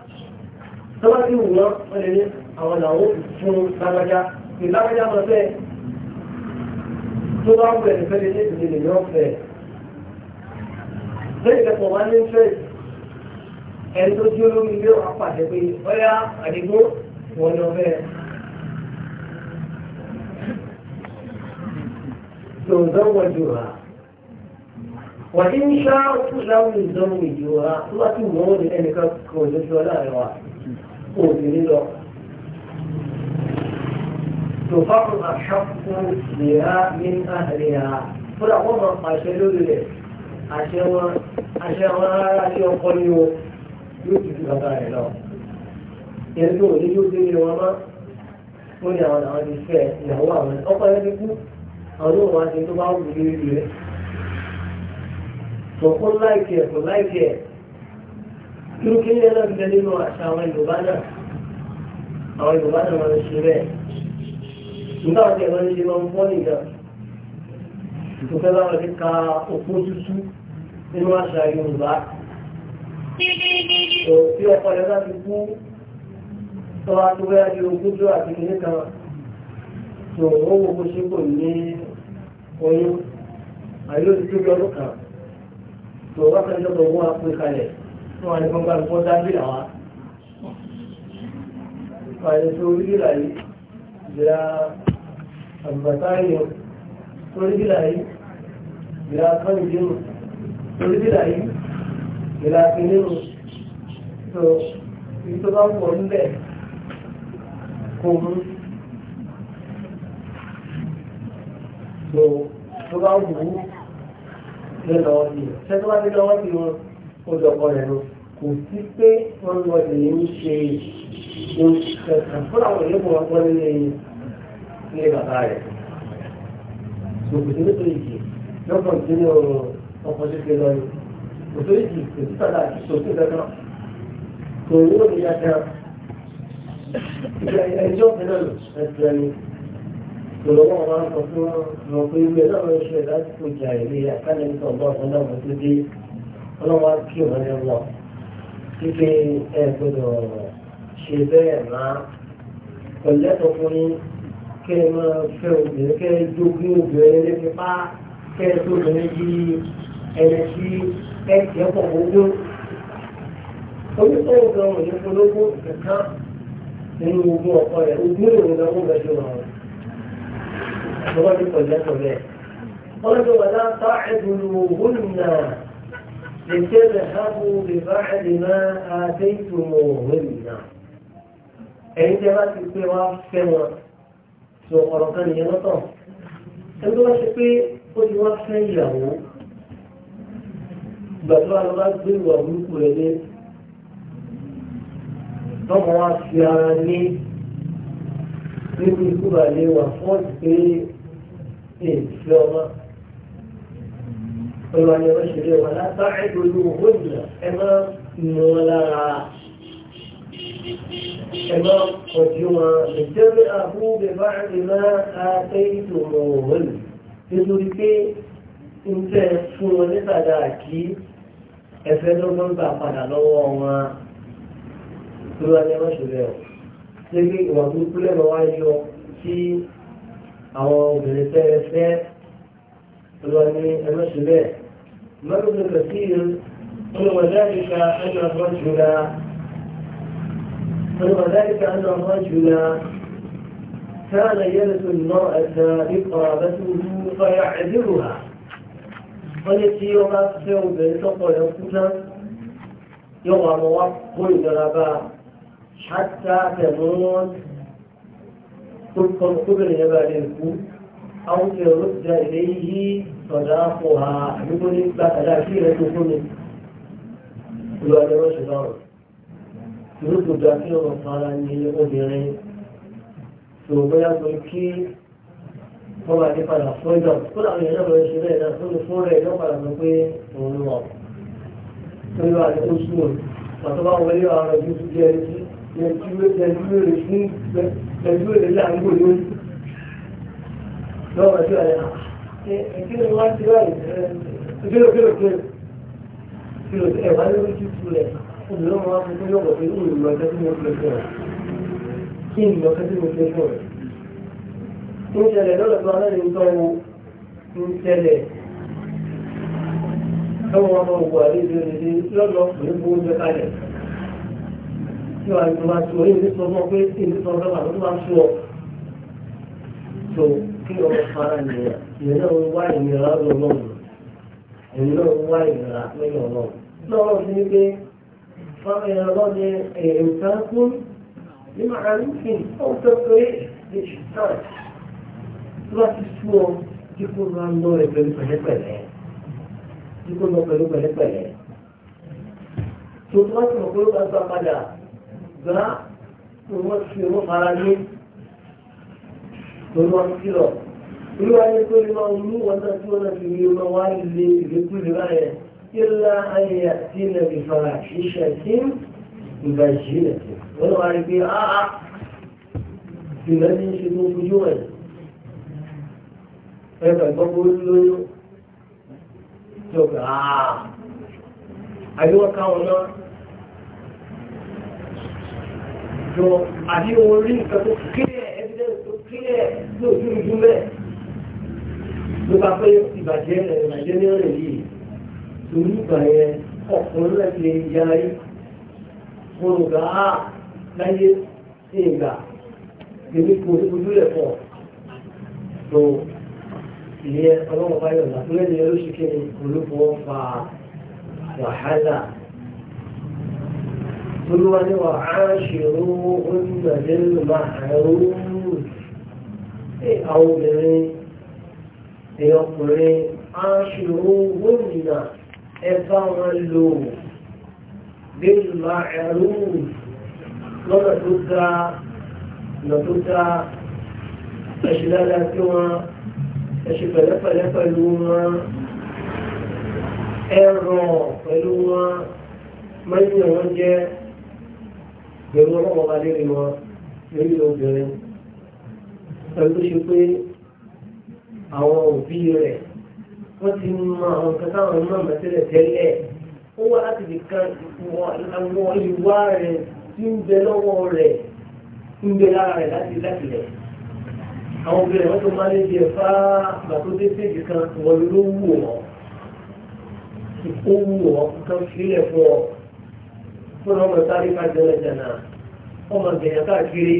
Speaker 1: طبعا دي هو أو لو تكون درجة في درجة مثلا طبعا بالنسبة للإبن اللي يوفي زي ده طبعا ينفذ ẹni tó dúró lórí ilé ọ̀pá àti pé ọ̀yá àdìgbò wọn lọ bẹ́ẹ̀ يزوجها وإن شاء لو يزوجها لا تمون لأنك كوزت ولا يراه قولي له تفرغ الحق بها من أهلها فلا وما قاشلوا لك عشان عشان عشان قلوا يوجد بقاء له يرجو ليوجد لوما ونعم عن الفعل يهوى من أقل بكم àwọn yóò ṣe tó bá wù ní ìlú rẹ̀ sọ̀kọ́ láìkì kò láìkì kí ní ẹlẹ́bi bẹ nínú àṣà àwọn Yorùbá náà àwọn Yorùbá náà máa ṣe bẹ́ẹ̀ nígbà wọn ti ẹ̀rọ ní ṣe máa ń fọ́ nìkan tó fẹ́ bá wọn ti ka òpó tútú nínú àṣà Yorùbá tí ọkọ rẹ̀ bá kú tọ́wá tó bẹ́ẹ̀ di ogójì àti kìnnìkan tó owó gbogbo ṣe kò ní oyún àìló ti tóbi ọdún kan tó wá fẹ́ lọ́dọ̀ owó apò ìkalẹ̀ fún wa ní gbọ́ngbà ló fọ́n dábì làwà. Àyè tó orílẹ̀ àyè ìlà àbùbàtà ayò tó orílẹ̀ àyè ìlà kánìdínù tó orílẹ̀ àyè ìlà kìnìún tó ìtọ́ba pọ̀ ń bẹ̀ kò mú. tó tó bá wù ú lé lọ́wọ́ sí i ṣé tó bá dé lọ́wọ́ sí wọn ó dọ̀kọ rẹ̀ lọ kò sí pé wọ́n lọ sí ń ṣe ìṣẹ̀kàn fún àwọn ìlú kan wọ́n nílé ilé bàbá rẹ̀ kò sí nítorí ìjì lọ́kàn tí ní ọ̀rọ̀ ọkọ̀ ṣíṣe lọ ni kò sí ìjì kò sí sàdá àti sòsí kankan kò wúwo ní yàtọ̀ ẹjọ́ fẹ́ràn ẹ̀sìn ẹni lọ́wọ́ wọn sọ fún wọn pé ilé náà ń ṣe lásìkò ìjà ìlú àkàlẹ̀ ní ọ̀gbọ́n ọ̀sán náà tó dé ọlọ́wọ́ kí wọn lè wọ̀ wípé ẹ gbọ́dọ̀ ṣe bẹ́ẹ̀ máa pẹ̀lẹ́tọ̀ fún yín kẹ́ ẹ máa fẹ́ obìnrin kẹ́ ẹ jogún obìnrin lé fipá kẹ́ ẹ tó obìnrin yí ẹni tí ẹ jẹ́ pọ̀ gbogbo. onítọ̀wọ̀ lọ́wọ́ ti pẹ̀lú ẹ̀sọ̀ bẹ́ẹ̀. ọlọ́dún wà láà tá ẹ̀dùnúhùnà lè jẹ́ lẹ́hàbù lè bá ẹ̀dì máa àdé ìtùmọ̀hùnà. ẹ̀yin jẹ́ bá ti pé wá fẹ́ wọn tó ọ̀rọ̀ kan nìyẹn lọ́tọ̀. ẹni tó wá ṣe pé ó ti wá fẹ́ ìyàwó gbàdúrà ló bá gbé ìwà burúkú rẹ̀ dé. tọ́mọ wá fi ara ní níbi ìkúra lè wà fún ọ̀sẹ̀ pé èèfẹ́ ọmọ. Olúwa ni ọmọ ìṣẹ̀lẹ̀ wà látà ẹ̀dọ́lú owó ìgbà ẹ máa ń nù wọn lára. Ẹ máa kọjú wọn lè jẹ́rẹ́ àbú bẹ̀bá àti máa ka ẹ̀yìntò mọ̀ wọ́n. Nítorí pé ń tẹ́ fún wọn nígbàdà kí ẹ̀fẹ́ lọ́gbọ́n gbà padà lọ́wọ́ wọn. Olúwa ni ọmọ ìṣẹ̀lẹ̀ wà níbi ìwà burúkú lẹ́nu wá yọ sí àwọn obìnrin fẹ́ẹ́ fẹ́ lọ ní ẹlọ́sùn bẹ́ẹ̀. mẹ́rin ló kẹ̀ sí ذلك أن الرجل وذلك أن الرجل كان يلد المرأة بقرابته فيعذرها wọ́n tí ó bá fẹ́ obìnrin tọ́pọ̀ ẹ̀kú náà yóò wà mọ́ wá kó ìjọra bá a hátà tẹ̀mọ́n tó kọ́ kóbìnrin yẹn bá lè kú àwọn tí ọ̀rọ̀ ti da ilé yí ọ̀dà àpò ha àdúgbò ní gbàkàdá kí rẹ̀ tó fún mi. Olúwa ni wọ́n ṣe lọ́rùn. Ìlú kò dá kí ọmọ fara ní obìnrin. Tòun bóyá pé kí wọ́n máa dé padà fún ìjọ. Kó làwọn èèyàn náà lọ ṣe bẹ́ẹ̀ náà fún fún rẹ̀ yóò padà sọ pé òun lọ. Olúwa ni ó sùn. Pàtó bá wọlé àwọn ọ̀rọ̀ yìí jẹ́ ẹni lẹ́jú èrè láàgbò ní lọ́wọ́ ẹjọ́ ẹ̀yà ìkíni wá sí báyìí ìkíni òkèrè òkèrè kí ló ti ẹ̀wà lórí títú rẹ̀ olùdó wọn wá fún pé yọ̀bọ̀ pé ó lọ ẹjọ́ tí mo fi lọ́jọ́ rẹ̀ kí ni lọ́kẹ́ tí mo fi lọ́jọ́ rẹ̀ ń ṣẹlẹ̀ lọ́dọ̀ tó alẹ́ ń tọ́ wo ń ṣẹlẹ̀ lọ́wọ́ wọn bá wọ àlejò rẹ̀ lọ́dọ̀ pé bó ń bẹ kalẹ̀ tí wàá tó máa tó ní sọ fún ọ pé tí ní sọ fún ọ máa tó ọ. kí ọ fara nìyà ìyẹn náà ń wá ìnira lọ́wọ́ ìyẹn náà ń wá ìnira lẹ́yìn ọ̀nà. lọ́wọ́ sí ni pé fáwọn èèyàn lọ́ ní nǹkan kún ní màá ń fi ó tó pé lè ṣùtàn tó bá ti sú ọ kí kó máa ń lọ rẹ pẹ̀lú pẹ̀lẹ́pẹ̀lẹ́ kí kó lọ pẹ̀lú pẹ̀lẹ́pẹ̀lẹ́. tó tó bá ti mọ̀ pé ó bá gbà padà gbá wọ́n fi owó fara ní lórí wọn kìlọ̀ irú ayé tó lè máa ní wọn náà tí wọn náà fi rí ọmọ wa lè lékú lè báyẹn ilá ayé àti ilẹ̀ ìfara ṣíṣe tí ìgbà ìṣẹ̀lẹ̀ wọn wá rí pé áá ìgbà tí ṣe tó fojú wọn ẹgbẹ́ gbọ́gbó lóyún tó gbà áá àyíwọ́ káwọn náà jọ àbí orí nǹkan tó kílẹ̀ evidence tó kílẹ̀ lójú ojú mẹ́ ló bá pé ìbàjẹ́ ìbàjẹ́ ní ọ̀rẹ́ yìí torí ìgbà yẹn ọkùnrin náà ti lè yára yìí wọn ò gbà á ah, láyé sí ìgbà èmi kò ojúlẹ̀ pọ̀ tó ìyẹn ọlọ́run báyọ̀ nà tó ló ṣe kéde olóko wọn wàhálà olúwa ní wà á ṣèrò oúnjẹ nínú màárù àwọn obìnrin èèyàn ọkùnrin á ṣèrò gómìnà ẹ bá wọn lò nínú màárù lọ́nà lọ́nà tó dá ẹ̀ṣẹ̀ dáadáa sí wọn ẹ̀ṣẹ̀ pẹ̀lẹ́pẹ̀lẹ́ pẹ̀lú wọn ẹ̀rọ pẹ̀lú wọn mẹ́rin wọn jẹ́ pẹ̀lú ọlọ́wọ́ bá lérí wọn lórí obìnrin pẹ̀lú ṣe pé àwọn òbí rẹ̀ wọ́n ti mọ àwọn kan táwọn ọmọ mẹ́tẹ́lẹ̀ tẹ́lẹ̀ ó wá láti lè kan àwọn ìwà rẹ̀ tí ń bẹ lọ́wọ́ rẹ̀ ń bẹ lára rẹ̀ láti láti lẹ̀ àwọn obìnrin wọn tó máa ń lè jẹ fá gbàtódé séjì kan wọn ló wù wọn ó wù wọn kan sílẹ̀ fún ọ fún ọmọ sáré ká jẹrẹ jẹnà ọmọ gẹ̀yà káàkiri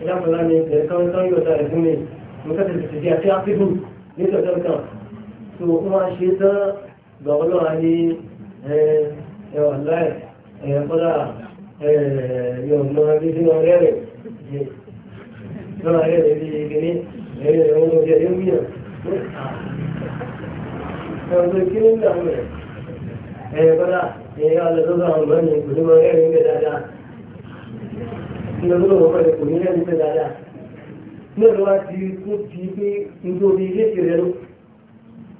Speaker 1: ìdámọ̀lá ni ìgbẹ̀rẹ̀ kan tán yóò dára fún mi mo kẹ́sẹ̀ tètè di àti ápídù ní ìtọ́jọ́ kan tó wọ́n ṣe tán gbọ̀wọ́ náà ní ẹwà láì ẹ̀kọ́dà yọ̀ọ̀mọ́ bíbí wọn rẹ́rẹ̀ lọ́la rẹ́rẹ̀ bí gẹ́gẹ́ ẹ̀rẹ́ ẹ̀rọ oúnjẹ yóò gbìyàn ẹ̀rọ tó kí ní ìgbà ẹ̀yà lọ́dọ̀ àwọn ọ̀gbọ́n ní kò ní mọ ẹ̀rìn ń bẹ dáadáa lọ́dọ̀ àwọn ọ̀gbọ́n kò ní ẹ̀rìn ń bẹ dáadáa lọ́dọ̀ wá ti kú ti pé nítorí ilé ti rẹ̀ ló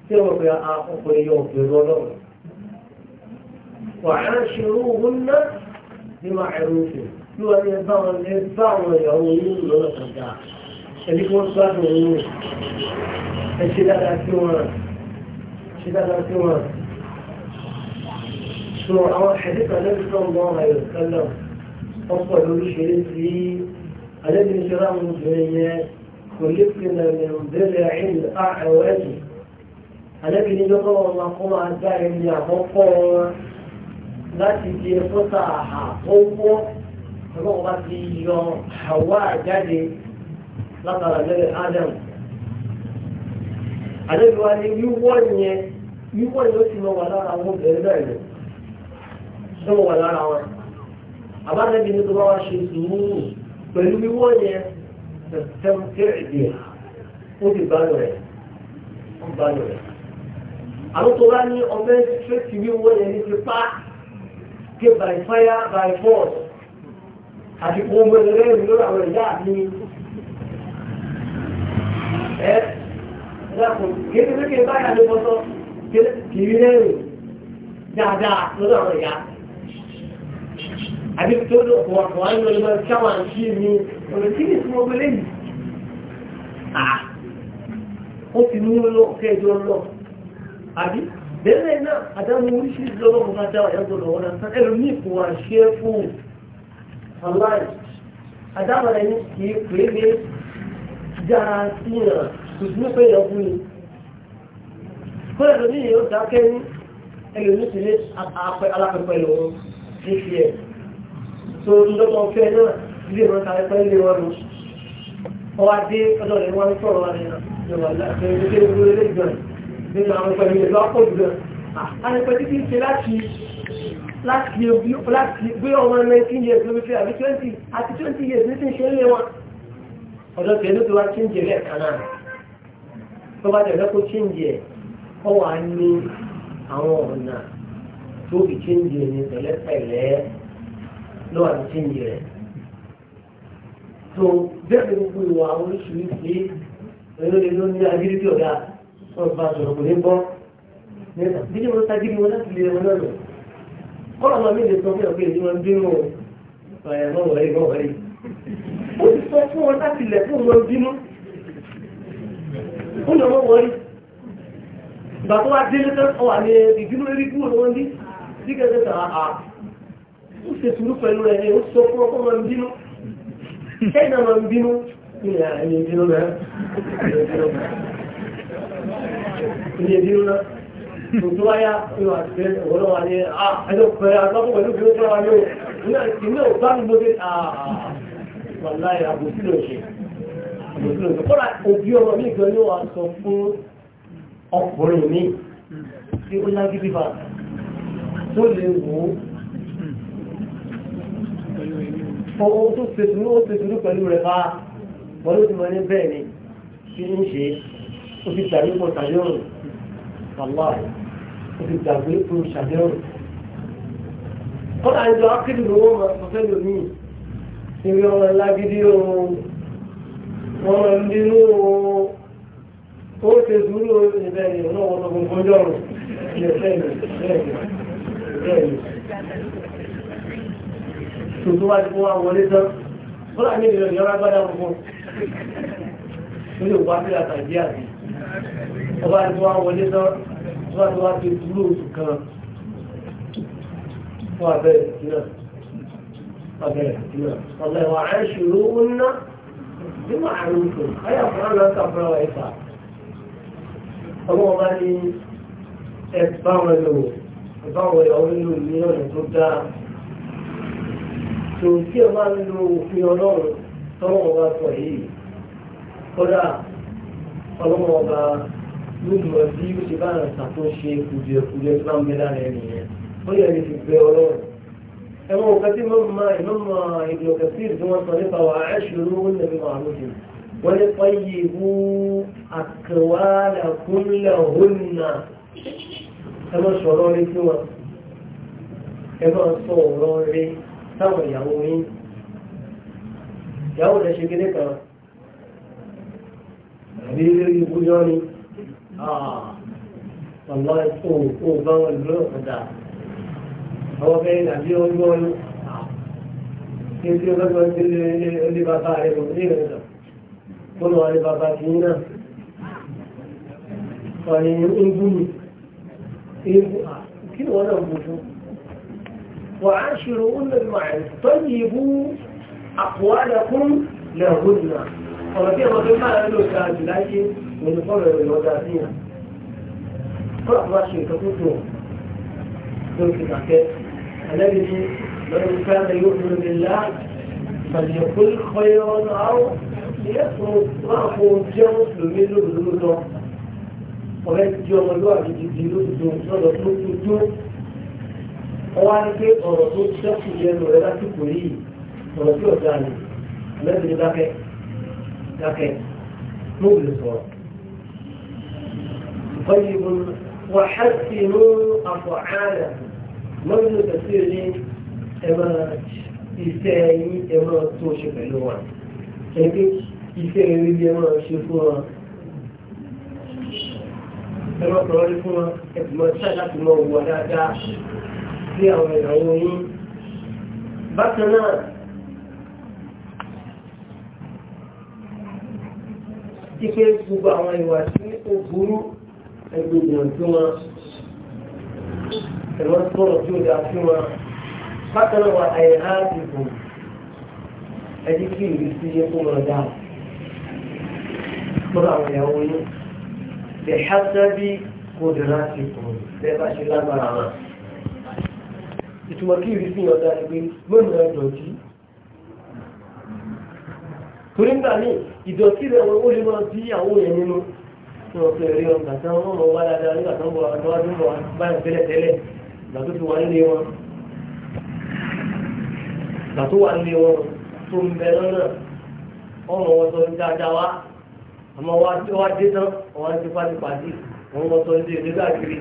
Speaker 1: tí wọ́n fi àkọ́kọ́ ẹ̀yọ ọ̀gbìn lọ lọ́wọ́ wàhálà ṣerú òun ná ní máa ẹ̀rù ṣe tí wọ́n ní bá wọn lé bá àwọn ìyàwó yìí lọ́nà kọjá ẹ̀bí kí wọ́n gbádùn òun ẹ̀ ṣe dáadáa sí wọn ṣe dáadáa sí wọn sọ àwọn ṣẹ̀dẹ́kà lẹ́bí tó ń bọ́ ayọ̀ kálọ̀ ọ̀pọ̀ lórí ṣeré sí alẹ́bí ní ṣẹlá mú bẹ̀rẹ̀ yẹn kò lè fi nà mẹ́rin bẹ̀rẹ̀ àìní àwọ̀ ẹ̀sìn alẹ́bí ní lọ́kọ́ wọn máa kọ́ máa dá ẹni àkọ́kọ́ wọn láti di ẹ̀fọ́ta àkọ́kọ́ ọlọ́wọ́ bá ti yọ àwa jáde látara lẹ́rẹ̀ tó wà lára wọn àbánẹ́bí ní tó bá wá ṣe sùúrù pẹ̀lú wíwọ́ yẹn tẹ̀tẹ̀ ìdí ó ti bá lọ rẹ̀ ó bá lọ rẹ̀ àwọn tó bá ní ọmọ ṣẹ́ẹ̀tì wíwọ́ yẹn ní ti pa ké by fire by force àti kó ọmọ ẹlẹ́rẹ́ mi lórí àwọn ẹ̀yà àbí tó lò pọ̀wọ̀pọ̀ á ń lọ lọ ṣáwà ń ṣe mi ọ̀nà tí mi fún ọgbẹ́ lẹ́yìn. ó ti mú lọ kẹjọ lọ àbí bẹ́ẹ̀ náà àdáhùn oríṣiríṣi lọ́wọ́ mo bá dá ọ̀yá gbọ́dọ̀ wọn náà ẹ̀rọ ní ìfún wa ṣe é fún aláì àdáhùn ẹni kì í pè é lé dára sí ìràn kò sí nípa èèyàn fún mi. kó ẹ̀rọ ní ó dákẹ́ ní ẹ̀rọ ti ní alápẹ̀pẹ̀ lòun tó lọ́mọ fẹ́ náà ilé wọn ta ẹ̀kọ́ ilé wọn lọ. wọ́n wá dé ọ̀dọ̀ rẹ̀ wọ́n sọ̀rọ̀ wọn rẹ̀ lọ́wọ́ láti ẹni tó ń lé gan nínú àwọn ọmọ ìlú ọkọ̀ gan. àyẹ̀pẹ̀ títí ṣe láti láti gbé ọmọ nineteen years lórí fẹ́ àbí twenty àti twenty years ní ti ń ṣe ń lé wọn. ọ̀dọ̀ tẹ̀lé tó wá ṣe ń jẹ̀rẹ̀ kan náà tó bá tẹ̀lé kó ṣe ń jẹ ọ wà ní àwọn ọ̀nà tó fi ṣe ń jẹ ní tẹ̀lẹ́tẹ̀lẹ́ ló wà ní rẹ̀ tó bẹ́ẹ̀ ni gbogbo ìwà àwọn oríṣiríṣi olóde ló ní agídí tí ọ̀dà wọn sọ̀rọ̀ kò ní gbọ́ bí wọ́n ta gírí wọn láti lè wọn náà kọ́lọ̀ máa mi lè sọ fún ọ̀gbìn ìdí wọn bínú ẹ̀ mọ́wọ́rẹ́ mọ́wọ́rẹ́ ó ti sọ fún wọn láti lẹ̀ fún wọn bínú ó lọ mọ́wọ́rẹ́ bàbá wa délé tán ọ ní ìdílé ó ṣe sùúrù pẹ̀lú rẹ̀ ó sọ fún ọkọ máa ń bínú ṣẹ́yìn máa ń bínú ilẹ̀ ayé bínú náà ilé bínú náà tòtò wáyà ìwà àti ìwọ́n wà ní ẹjọ́ pẹ̀lú àtọ́kùn pẹ̀lú bínú tó wà ní ìlú ọ̀gbá mi bó ṣe wàláyà àbòsí lò ṣe ṣe òbí ọmọ mi gan ni wà sọ fún ọkùnrin mi tí ó lágídí bá tó lè wò ó ohun tó ṣe sùúrù ó ṣe sùúrù pẹ̀lú rẹ̀ fa ah, wọn ló ti mọ ní bẹ́ẹ̀ ni kí ń ṣe ó ti gbàgbé pọ̀ ṣàdéhùn wàlá ó ti gbàgbé pọ̀ ṣàdéhùn. kọ́nà ìjọ akéde ló wọ́n máa fẹ́ lómi ìwé ọmọ lágídí ohun wọn máa ń bínú ohun ó ṣe sùúrù ìbẹ̀rẹ̀ náà wọn lọ gbogbo ọjọ́ rẹ̀ bẹ́ẹ̀ ni bẹ́ẹ̀ ni bẹ́ẹ̀
Speaker 3: ni tó tó ti
Speaker 1: fún wa wọlé tán ó rà ní ìrìnà ìyọ́rá gbádà fún un ó lè wá sí àtàjì àti ọba ti wá wọlé tán tó wá ti wá ti dúró oṣù kan fún abẹ́rẹ́ ìtìlẹ̀ abẹ́rẹ́ ìtìlẹ̀ ọ̀gá ìwà àìṣòro ó ná bí wà á ló tó ayé àfúrá náà kàfúrá wa ìfà ọmọ ọba ní ẹ bá wọn lò ẹ bá wọn yọ ọ ọ̀nà tó dáa tó tí o máa ń lo òfin ọlọ́run tọ́wọ́ ọba sọ yìí kódà ọlọ́run ọba lójú ọ bí ó ṣe bá ń ṣàtúnṣe kùdìẹ̀kùdìẹ̀ tó bá ń bẹ lára ẹni yẹn ó yẹ lè fi bẹ ọlọ́run ẹ̀wọ̀n òkè tí mo máa ìlú mọ ìlú òkè tí ìlú wọn sọ nípa wà á ṣe olówó ní fọ́yì ibú àkàwálà kúnlẹ̀ òhùnà ẹ máa sọ̀rọ̀ rí fún wọn sáwọn ìyàwó yín ìyàwó rẹ̀ ṣe kéde kan àbí lórí ikú yọ ni ọ̀nà ah, òkú bá wọn lórí ọ̀kadà àwọn bẹ́ẹ̀ ní àbí ọjọ́ ni ah, kí tí o bá gbọ́ sí ilé bàbá rẹ̀ kò sí ìrìnà kó lọ́wọ́ ilé bàbá kì í náà ọ̀nà ìgbú ni kí ni wọ́n náà bù fún. وعاشرون بالمعروف طيبوا أقوالكم لهن ọ̀rọ̀ tí ọmọdé máa ń lò ṣáájú láyé nínú fọ́nà ìrìn ọjà sí yàn fún àwọn aṣọ ìtọ́jú tó tó ti kàkẹ́ ẹlẹ́bi ní lọ́dún káàdé yóò fún mi lá pàdé pé kọ́yọ́ ọ̀nà áwọ̀ ilé fún máa fún jẹ́ mùsùlùmí lóòótọ́ ọ̀rẹ́ ti di ọmọlúwàbí ti di lóòótọ́ lọ́dọ̀ tó tó tó ọwọ́ ní pé ọ̀rọ̀ tó ṣẹ́kù lẹ́nu rẹ̀ lásìkò yìí ọ̀rọ̀ tí ọ̀dà ni lẹ́nu ní dákẹ́ dákẹ́ ló lè sọ̀rọ̀. ìfọyín mu wà á sì mú àpò ààrẹ lọ́dún tó tẹ̀sí ní ẹ̀mọ iṣẹ́ yín ẹ̀mọ tó ṣe pẹ̀lú wa ẹ̀mí iṣẹ́ rí ni ẹ̀mọ ṣe fún wa ẹ̀mọ sọ̀rọ̀ fún wa ẹ̀mọ sáà láti mọ òwò dáadáa sí àwọn ìyàwó yín bákan náà ipe gbogbo àwọn ìwà tí ó burú ẹgbẹ̀gbọ̀n tí wọn ẹ̀rọ sọ̀rọ̀ tí ó dá sí wọn bákan náà wà àìhá ìbò ẹni kí ìrísí yẹ kó lọ dáa lọ́dọ̀ àwọn ìyàwó yín lè ṣáṣẹ́ bí kò dẹ̀ láti kò lẹ́bàá ṣe lágbára wọn ìtumọ̀ kí ìrísí ọ̀dà ni pé mọ́nà ẹ̀dọ̀tí torí nígbà ní ìdọ̀tí rẹ̀ wọn ó lè máa bí àwọn èèyàn nínú tí wọ́n fi rí ọgbà tí wọ́n mọ̀ wá dáadáa nígbà tó ń bọ̀ àti wọ́n bọ̀ báyọ̀ tẹ́lẹ̀ tẹ́lẹ̀ ìgbà tó ti wà nílé wọn ìgbà tó wà nílé wọn tó ń bẹ lọ́nà ọmọ wọn sọ dáadáa wá àmọ́ wá dé tán wọn ti pàdé pàdé wọn wọ́n sọ ilé ìdílé káàkiri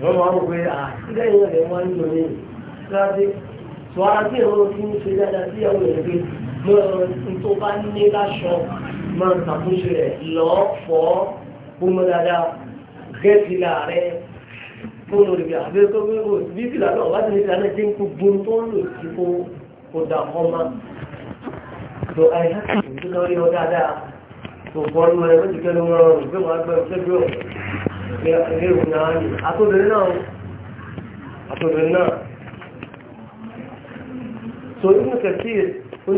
Speaker 1: wọ́n máa ń pè à sílẹ̀ yẹn lè wọ́n ń lò níyì láti tó ara tí ìwọ́n fi ń ṣe dáadáa sí ìyàwó rẹ̀ pé mo tó bá ní láṣọ máa ń ṣàkóso rẹ̀ lọ́ọ́ fọ́ bómọ dáadáa gẹ́ẹ̀tì láàrẹ́ fún olùgbé àbẹ́kọ́ bí o bí fìlà náà wá sí ní ìlànà tí ń kú gbóhùn tó ń lò sí kó kó dà kọ́ ma tó àìsàn tó lọ rí ọ dáadáa tó bọ́ so ibn كثير ó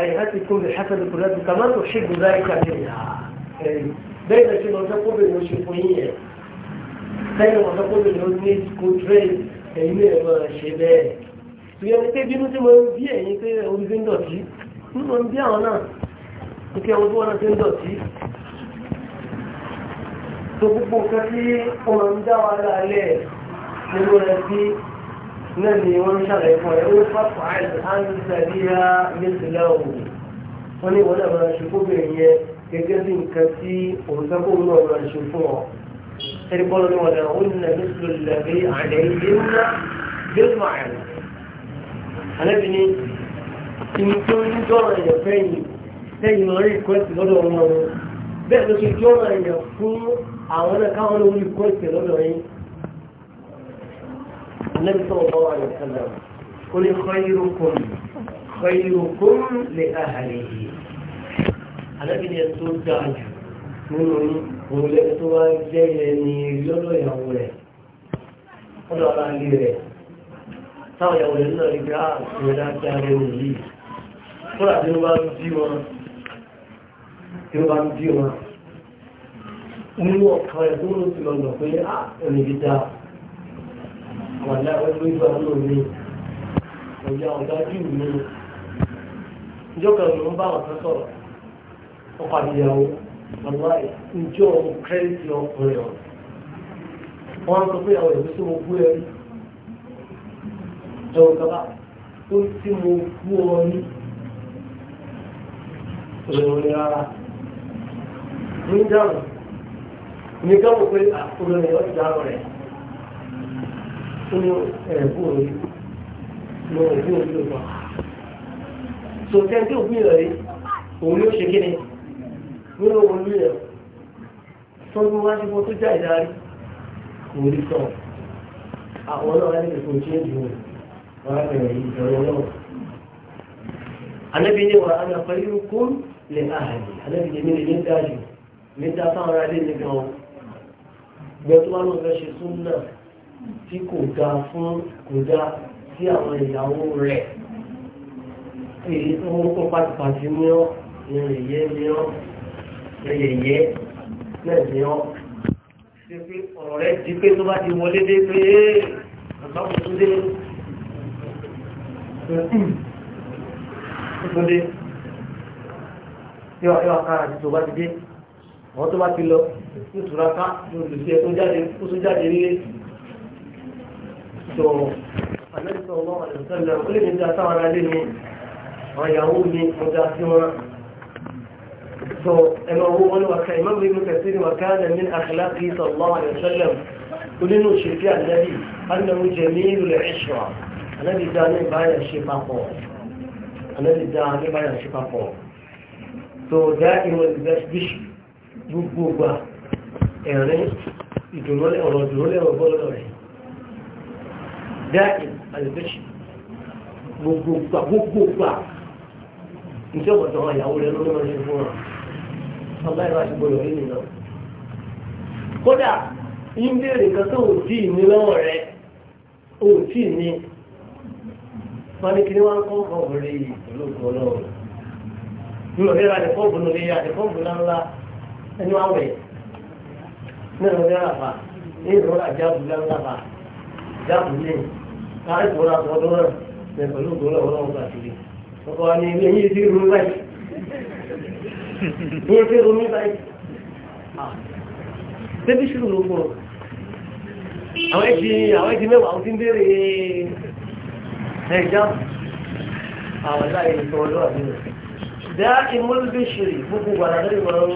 Speaker 1: ní كل حسن الكلاب كمان تحب ذلك منها بين شيء وتقوم بالمشرقية بين وتقوم بالهنيس كوترين ẹ̀yìn ẹ̀rọ ṣe bẹ́ẹ̀ tó yẹ ní pé bínú tí mo ń bí ẹ̀yìn pé orí ń dọ̀tí ní mo ń bí àwọn náà ní kí ọdún wọn ti ń dọ̀tí tó gbogbo nǹkan tí ọmọ ń dá wa lálẹ́ nínú rẹ̀ náà ni wọ́n ń ṣàlàyé fún ẹ ó fàfà àìsàbíyá mẹ́sìlá òun wọ́n ní wọ́n náà máa ṣe fóbìnrin yẹn gẹ́gẹ́ bí nǹkan tí òǹtẹ́kùn náà máa ṣe fún ọ. ẹni bọ́lá ni wọ́n dáná ó ní nà mẹ́sìlá lẹ́bí àlẹ́ ilé ńlá bẹ́ẹ̀ máa rẹ̀. ni ìmú tó ń jọ́rọ̀ fẹ́yìn fẹ́yìn lọ ìkọ́ẹ̀sì lọ́dọ̀ wọn bẹ́ẹ̀ ló ṣe jọ́rọ̀ èèyàn fún àwọn náà káwọn ló rí ìkọ́ẹ̀sì lọ́dọ̀ yìí النبي صلى الله عليه وسلم قل خيركم خيركم لأهله النبي يسود دعجه من قلت واجهني يلو يوله قل على غيره táwọn ìyàwó rẹ̀ náà rí gbá ìrẹ́dá tí a rẹ̀ òun yìí kúrò tí ó bá ń bí wọn tí ó bá ń bí wọn ní ọ̀kan ẹ̀ tó ń lọ sí lọ́nà pé à òní bí dáa wà láwọn ẹgbẹ́ ìgbà náà ni ọ̀yà ọ̀gá jù ní ìjọ kan ló ń bá àwọn ìjọ ọkùnrin wọ́n sọ pé àwọn ìwé tí mo gbé ẹ rí jọ tó tí mo gbú ọ ní òṣèlú rárá ní dáhùn ní gáwó pé àkúrò ọjà rẹ̀. nínú ẹ̀bù rẹ̀ lọ òbí òbí òbá so tẹ́ tí òbí rẹ̀ òun ló ṣe kí ni nínú òun ló yẹ sọ́dún wájú fún tó já ìdarí kò rí sọ àwọn náà ní ìfún tí ó dùn wọn á bẹ̀rẹ̀ ìjọba náà anabi ni wa ana khairukum li ahli anabi ni mi ni dájú mi dá fáwọn ará ilé mi gan gbẹtú fẹ́ ṣe sún náà tí kò dá fún kò dá sí àwọn ìyàwó rẹ̀ èyí tó ń kó pàtàkì ní ọ́ ìrìnyẹ́ ní ọ́ ẹ̀yẹ̀yẹ́ náà ní ọ́ ṣe pé ọ̀rọ̀ rẹ̀ di pé tó bá ti wọlé dé pé àbáwọ̀ tó dé tó dé yọ yọ kára àti tó bá ti dé àwọn tó bá ti lọ yóò túra ká yóò lè ṣe ẹ jáde kó tó jáde nílé sọ àmẹ́sọ̀ ọmọ àdìsọ́lẹ̀ ó lè ní bí atáwọn alẹ́ ni àwọn ìyàwó ni mo dá sí wọn sọ ẹnu owó wọn wà ká ìmọ̀ ìlú kẹsí ni wà ká lẹ́ ní àkàlà kì í sọ ọmọ àdìsọ́lẹ̀ ó nínú òṣèlú ànábì ánàmú jẹ ní ìlú rẹ̀ ẹ̀ṣọ́ ànábì dá ní ìbáyà ṣe papọ̀ ànábì dá ní ìbáyà ṣe papọ̀ tó dá ìwọ̀n ìgbẹ́sí da'im al-bashir gbogbogbà gbogbogbà níṣẹ́ ọ̀dọ̀ àwọn ìyàwó rẹ̀ lọ́dún mọ́lẹ́ fún wọn ọba ìwà àti gbọdọ̀ rí nìyàn. kódà yín béèrè kan dáàbò lé káàrí kò rà sọ ọdún náà ní pẹ̀lú ògbó náà ọlọ́run gbà sílé ọkọ wa ní ilé yìí ti rú báyìí yìí ti rú báyìí débi ṣùrù ló fún ọ
Speaker 3: àwọn ẹtì àwọn
Speaker 1: ẹtì mẹ́wàá ó ti ń béèrè ẹ̀já àwọn láyé ìtọ ọlọ́run àbí rẹ dá ìmúlùbíṣìrì gbogbo wàrà lórí wọn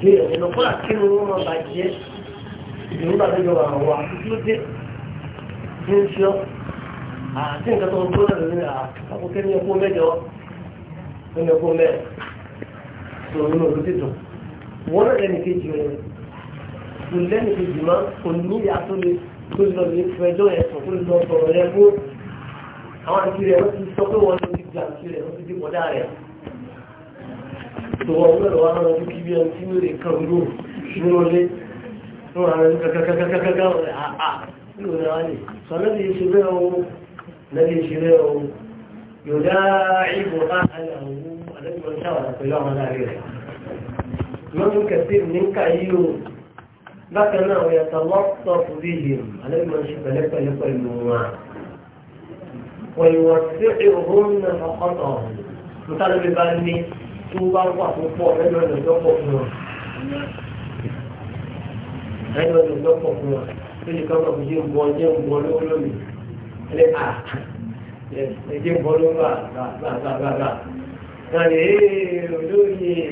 Speaker 1: gbé ẹ̀yìn lọ àkínú wọn bàjẹ́ tí ń ṣọ́ àti nǹkan tó ń tó lẹ́nu ní àkókò ní ẹkún mẹ́jọ ní ẹkún mẹ́ẹ̀ tó nínú òbí títù wọ́n lẹ́nu kejì rẹ̀ kò lẹ́nu kejì máa kò ní ìyá tó lè tó lọ lè fẹjọ́ ẹ̀sùn tó lọ sọ̀rọ̀ rẹ̀ fún àwọn àti rẹ̀ wọ́n ti sọ pé wọ́n ti gbà àti rẹ̀ wọ́n ti dì bọ́dá rẹ̀ tó wọ́n mẹ́rọ wá rán ojú bí ẹni tí ó lè kàn فالذي يشبهه الذي يشبهه يلاعب أهله الذي من في الله لا غيره من كثير من كعيون بكنا ويتلطف بهم الذي من شبه لك لك الموع ويوسعهن فخطأهم مثلا ببالي توبا وفوق لأنه يدوق فوق لأنه يدوق فوق lórí kọ́kọ́ fi jẹ́ bọ́ jẹ́ bọ́ lówó lónìí ẹlẹ́ à ẹ jẹ́ bọ́ lówó àgbàgbàgbà kàlẹ́ ee olóyè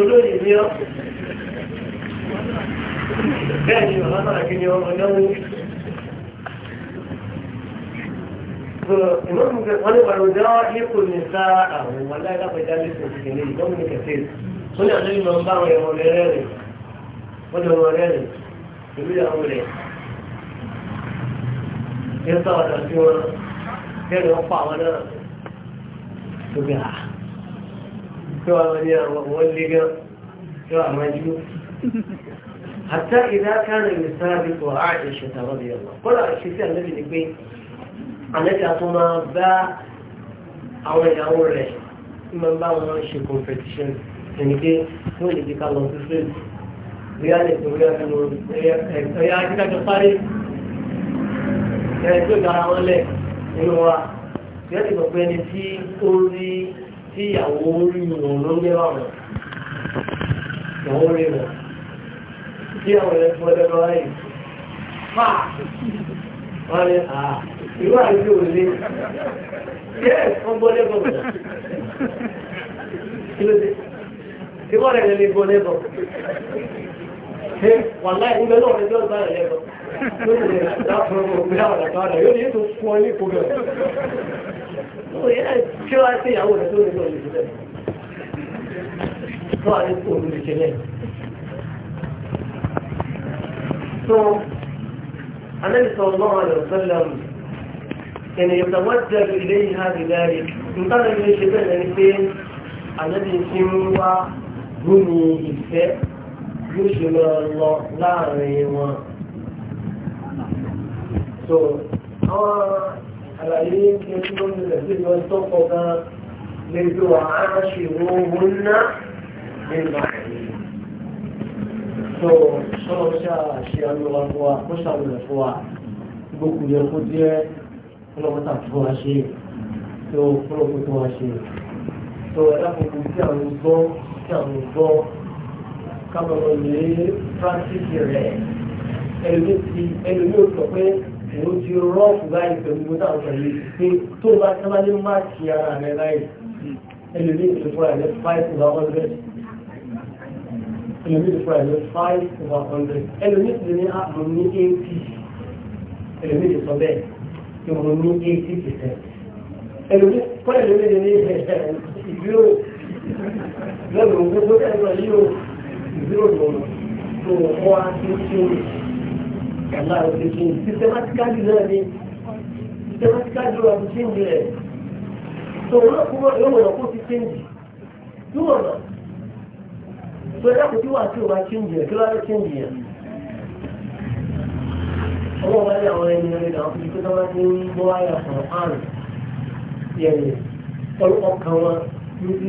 Speaker 1: olóyè ni ọ́ bẹ́ẹ̀ ni bàbá náà kí ni ọmọ náà wó. Ìmọ̀mù wọn ní wàlú dá ipò ní sáà àwọn ọmọ aláìlápẹ̀dá lẹ́sìn ìkìlẹ̀ ìdánwò ní kẹsẹ̀. Wọ́n ní àlejò máa ń bá àwọn ẹ̀wọ̀n rẹ̀ rẹ̀. Wọ́n ní ọmọ rẹ̀ rẹ̀ pẹ̀lú rẹ̀ ẹ bá ọ̀dà sí wọn kẹ́rin wọn àwọn náà tó bí ah, a tó àwọn ní àwọn wọn gan tó àwọn ẹjú حتى إذا كان يسابق عائشة رضي الله قل عائشة النبي نبي àlẹ́kì àtún máa bá àwọn ìyàwó rẹ̀ ma bá wọn ṣe competition ẹni pé wọ́n lè fi ká lọ bóyá lè torí ẹnu ẹ̀yà akíkájọ sáré ẹ̀rẹ́ tí ó dára wọn lẹ̀ nínú wa bóyá lè sọ pé ẹni tí ó rí tí ìyàwó orí ìwọ̀n ló ń gbé wà ìyàwó orí wọ̀n tí àwọn ẹ̀rẹ́ fún ẹgbẹ́ lọ́wọ́ yìí fà wọ́n ní à ìlú òní yẹ́ wọ́n gbọ́ lẹ́gbọ̀n kí ló dé? Ìwọ́n rẹ̀ lè gbọ́ lẹ́gbọ̀n ṣe wà láì níbẹ̀ náà ẹjọ́ ìgbà rẹ̀ lẹ́kọ̀ọ́ lórí rẹ̀ dákùn ọmọ òfin àwọn àgbà rẹ̀ yóò ní ètò fún ọ ní ipò bẹ̀rẹ̀ ó yẹ kí wá sí ìyàwó rẹ̀ tó lè lọ lè ṣe bẹ́ẹ̀ tó àrí kò lè ṣe bẹ́ẹ̀ tó anábì sọ lọ́wọ́ rẹ̀ sọ́lá ẹni ìtàwọ́jẹ́ ilé ìhà ìdárí nǹkan lè ṣe bẹ́ẹ̀ lẹ́ni pé anábì ti ń wá gúnmi ìfẹ́ yóò ṣe láàrin wọn. so àwọn àlàyé yẹn tí wọ́n nílẹ̀ sí ìwọ́n tó pọ̀ gan lè fi wà ṣe wọ́n ná nígbà yìí. so sọ́nà ṣe àṣe àlọ́wà fún wa kó ṣàlùwẹ̀ fún wa gbogbo yẹn kó jẹ́ ọlọ́pàá fún wa ṣe tó ọlọ́pàá tó wa ṣe. so ẹ̀dá kò kò àwọn gbọ́ sí àwọn gbọ́ káwọn ní tíráfíìkì rẹ̀ ẹlòmí ò sọ pé òun ti rọ́ọ̀fù báyìí pẹ̀lú gbogbo táwọn sọ pé tó bá sábà ní máàkì ara rẹ̀ láì ẹlòmí ti fúra rẹ̀ five over hundred ẹlòmí fúra rẹ̀ five over hundred ẹlòmí ní àmọ́ ah, ní eighty ẹlòmí ti sọ bẹ́ẹ̀ kí mo ní eighty ẹlòmí kọ́ ẹlòmí ní ìdúró lọ́dún gbogbo ẹ̀rọ yìí o zero one tó wọ́n á ti ṣe é kàlá òfin ṣe systematically náà ni systematically wà ti ṣe ń rẹ̀ tó wọ́n kú wọ́n yóò wọ̀nà kó ti ṣe ń jì tó wọ̀nà tó ẹ̀dá kò tí wà tí ò bá ṣe ń jì rẹ̀ kí ló wá ṣe ń jì yẹn. ọmọ wa ní àwọn ti ń gbọ́ àyà àrùn yẹn ni ọlọ́kàn wọn ní ti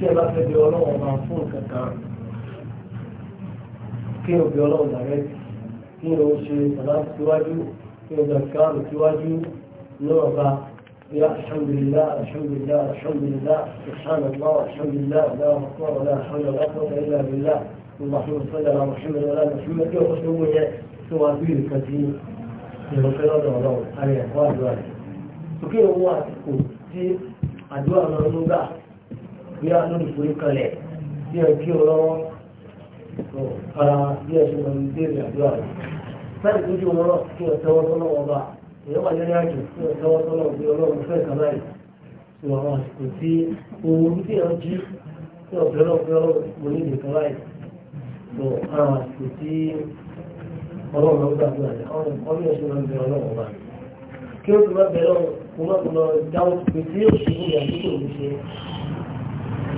Speaker 1: tí ẹ bá fẹ́ bí ọlọ́run máa fún kankan kí o bí ọlọ́run dàrẹ́ kí o ṣe sàlá síwájú kí o gbàgbà rò síwájú náà bá يا الحمد لله الحمد لله الحمد لله سبحان الله الحمد لله لا أكبر ولا حول ولا قوة إلا بالله اللهم صل على محمد وعلى آل محمد يا رسول الله سوابيل كثير من الخيرات والله عليه وآله وكيف هو أتكون في أدوار مرموقات bí a lórí ìforí kalẹ̀ bí ẹ kí ọ lọ́wọ́ ara bí ẹ ṣe lọ ní déèrè àdúrà rẹ̀. sáyẹn tó jù wọn lọ kí ọ tẹ́wọ́ tọ́lọ́ wọn bá èèyàn wà lórí àjò kí ọ tẹ́wọ́ tọ́lọ́ bí ọlọ́run fẹ́ kàmá yìí. sọ àwọn àsìkò tí òun tí ẹ jí kí ọ bẹ̀rẹ̀ ọ̀pẹ ọlọ́run mo ní ìdìkan láì. sọ àwọn àsìkò tí ọlọ́run lọ́wọ́ gbàdúrà rẹ̀ ọlọ́run ẹ̀ṣẹ̀ lọ́wọ́ bẹ̀rẹ̀ ọlọ́run bá kí ó ti má bẹ̀rẹ̀ ọ̀pọ̀ dáwọ́ pé tí yóò ṣe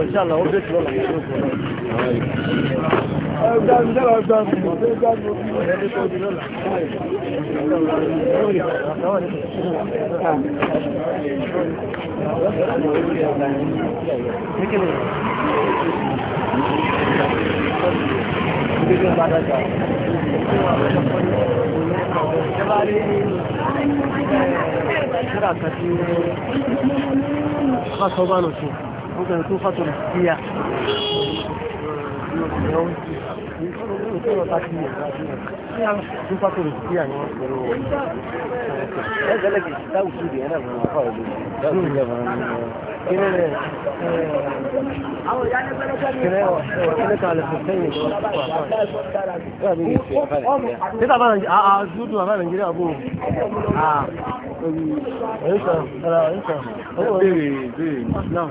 Speaker 3: ان شاء الله وبس والله ابدان ده ابدان
Speaker 1: Gracias. خاصة بانو شو ممكن يكون خاطر فيها لا قال لك ده وسودي انا من الفاضي ده وسودي كده
Speaker 4: كده على الفلسطيني
Speaker 1: كده بقى اه زودوا بقى نجري ابوه اه
Speaker 3: ايش انا انت هو دي دي نعم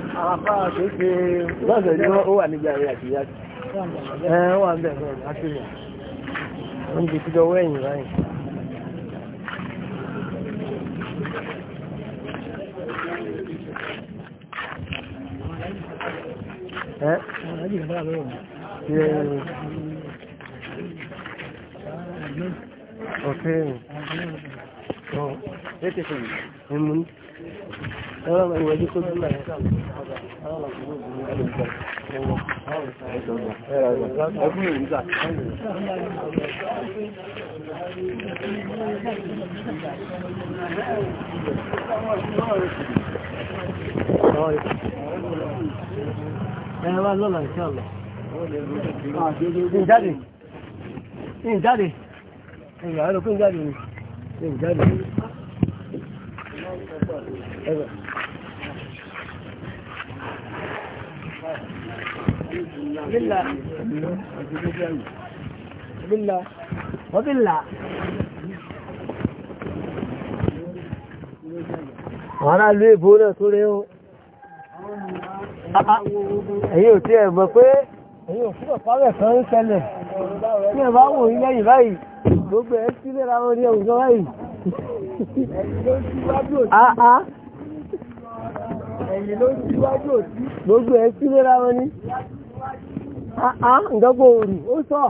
Speaker 1: lọ́sẹ̀ ni ó wà níbi àríyá àti ìyá ẹ̀ wà ń bẹ̀rẹ̀ láti rẹ̀ ń bí títọ́ wẹ́yìn láyìn
Speaker 3: ẹ́ ọ̀kẹ́ ẹ̀mù ẹ̀tẹ́sẹ̀ ẹ̀mù Ẹ̀wà
Speaker 1: Ìjáde. Ìjáde. Ìyàwó Ìjáde.
Speaker 3: بالله
Speaker 1: بالله وبالله ara lú ìbò náà tó rí ó ẹ̀yìn ò tí ẹ̀ mọ̀ pé ẹ̀yìn ò fúnà pàwẹ̀ kan ń tẹ́lẹ̀ tí ẹ̀ bá wò ní lẹ́yìn báyìí gbogbo ẹ̀ sílẹ̀ ra wọn ní ẹ̀wùjọ báyìí àá ah, ah. gbogbo ẹ̀ sílé ra wọn Ah ah. ǹdọ́gbò òrù ó sọ.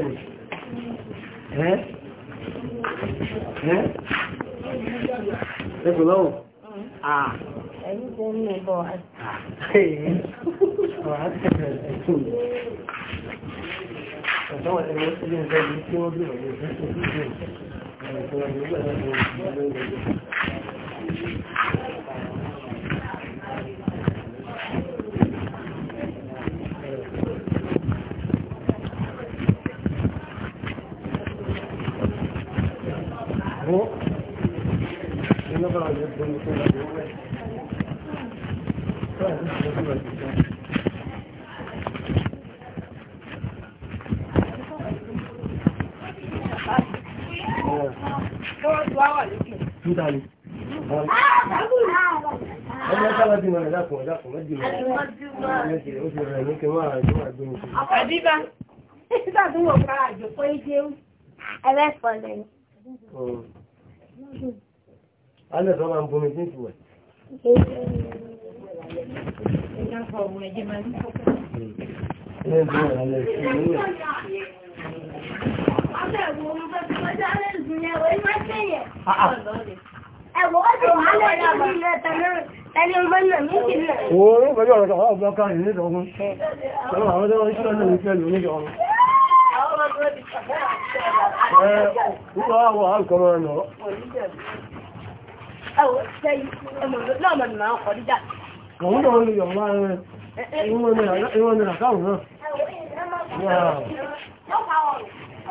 Speaker 1: rẹ̀
Speaker 3: nì ẹgbẹ̀ lọ́wọ́ ẹ̀yí tó ń mẹ́ bọ̀ àti
Speaker 1: kú dáa ni. Ẹgbẹ́ sábà bímọ rẹ̀ dákun ẹ̀ dákun mẹ́jì mọ̀ rẹ̀. ní kí wọ́n àrà ìjọba gbé mi.
Speaker 4: Àbíbá, títà tó wọ̀ kára àjò pé jẹun. Ẹgbẹ́ fọlẹ̀ ni.
Speaker 1: Alẹ́ sọ ń bomi sí ìtùwẹ̀.
Speaker 3: Ẹgbẹ́ fọlẹ̀ ni.
Speaker 4: Ah, ah. Oòrùn
Speaker 1: pẹ̀lú ọ̀rọ̀ ọ̀rọ̀ ọ̀gbọ́n kan ìrìn ọgbọ́n. Ṣọ́rọ̀ àwọn ọjọ́ ìṣẹ́ náà ní pẹ̀lú oníjọ ọgbọ́n.
Speaker 4: Ẹ nígbà àwọn àkọmọ ẹ̀nà. Ẹwọ̀ ṣẹ́ ìmọ̀ lọ́mọ̀ nìmọ̀ ọkọ̀ dídà.
Speaker 2: Àwọn ọmọ ìyọ̀ máa ń rẹ̀.
Speaker 4: Ìwọ̀n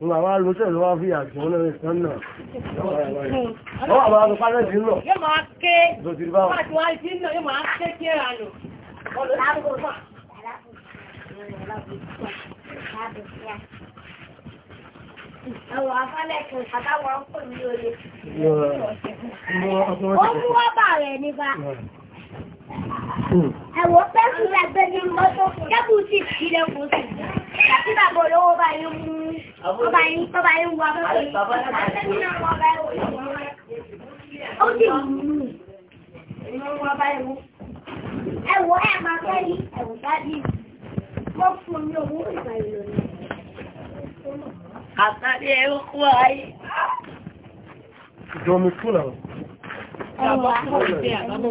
Speaker 1: ìwà wá ló tẹ̀lú wá fi àjọ olórin kan
Speaker 3: ọwọ́ àwọn àwọn pàdé sí náà yóò
Speaker 4: máa ké pàtí wá sí náà Àwọn afálẹ̀ kan àtàwọn ọkùnrin olè.
Speaker 3: Ó mú
Speaker 4: wá ẹ̀wọ̀ pẹ́ fún ẹgbẹ́ ní mọ́tò jẹ́kù sí ìpínlẹ̀ kò sí àti bàbá olówó bá yín mú ọba yín tọ́ba yín wọ ó sì mú ẹ̀wọ̀ ẹ̀ máa fẹ́ ní ẹ̀wọ̀ dájú fún ní owó ìgbà ìlò àtàrí ẹ̀rọ kú
Speaker 1: Bàbá,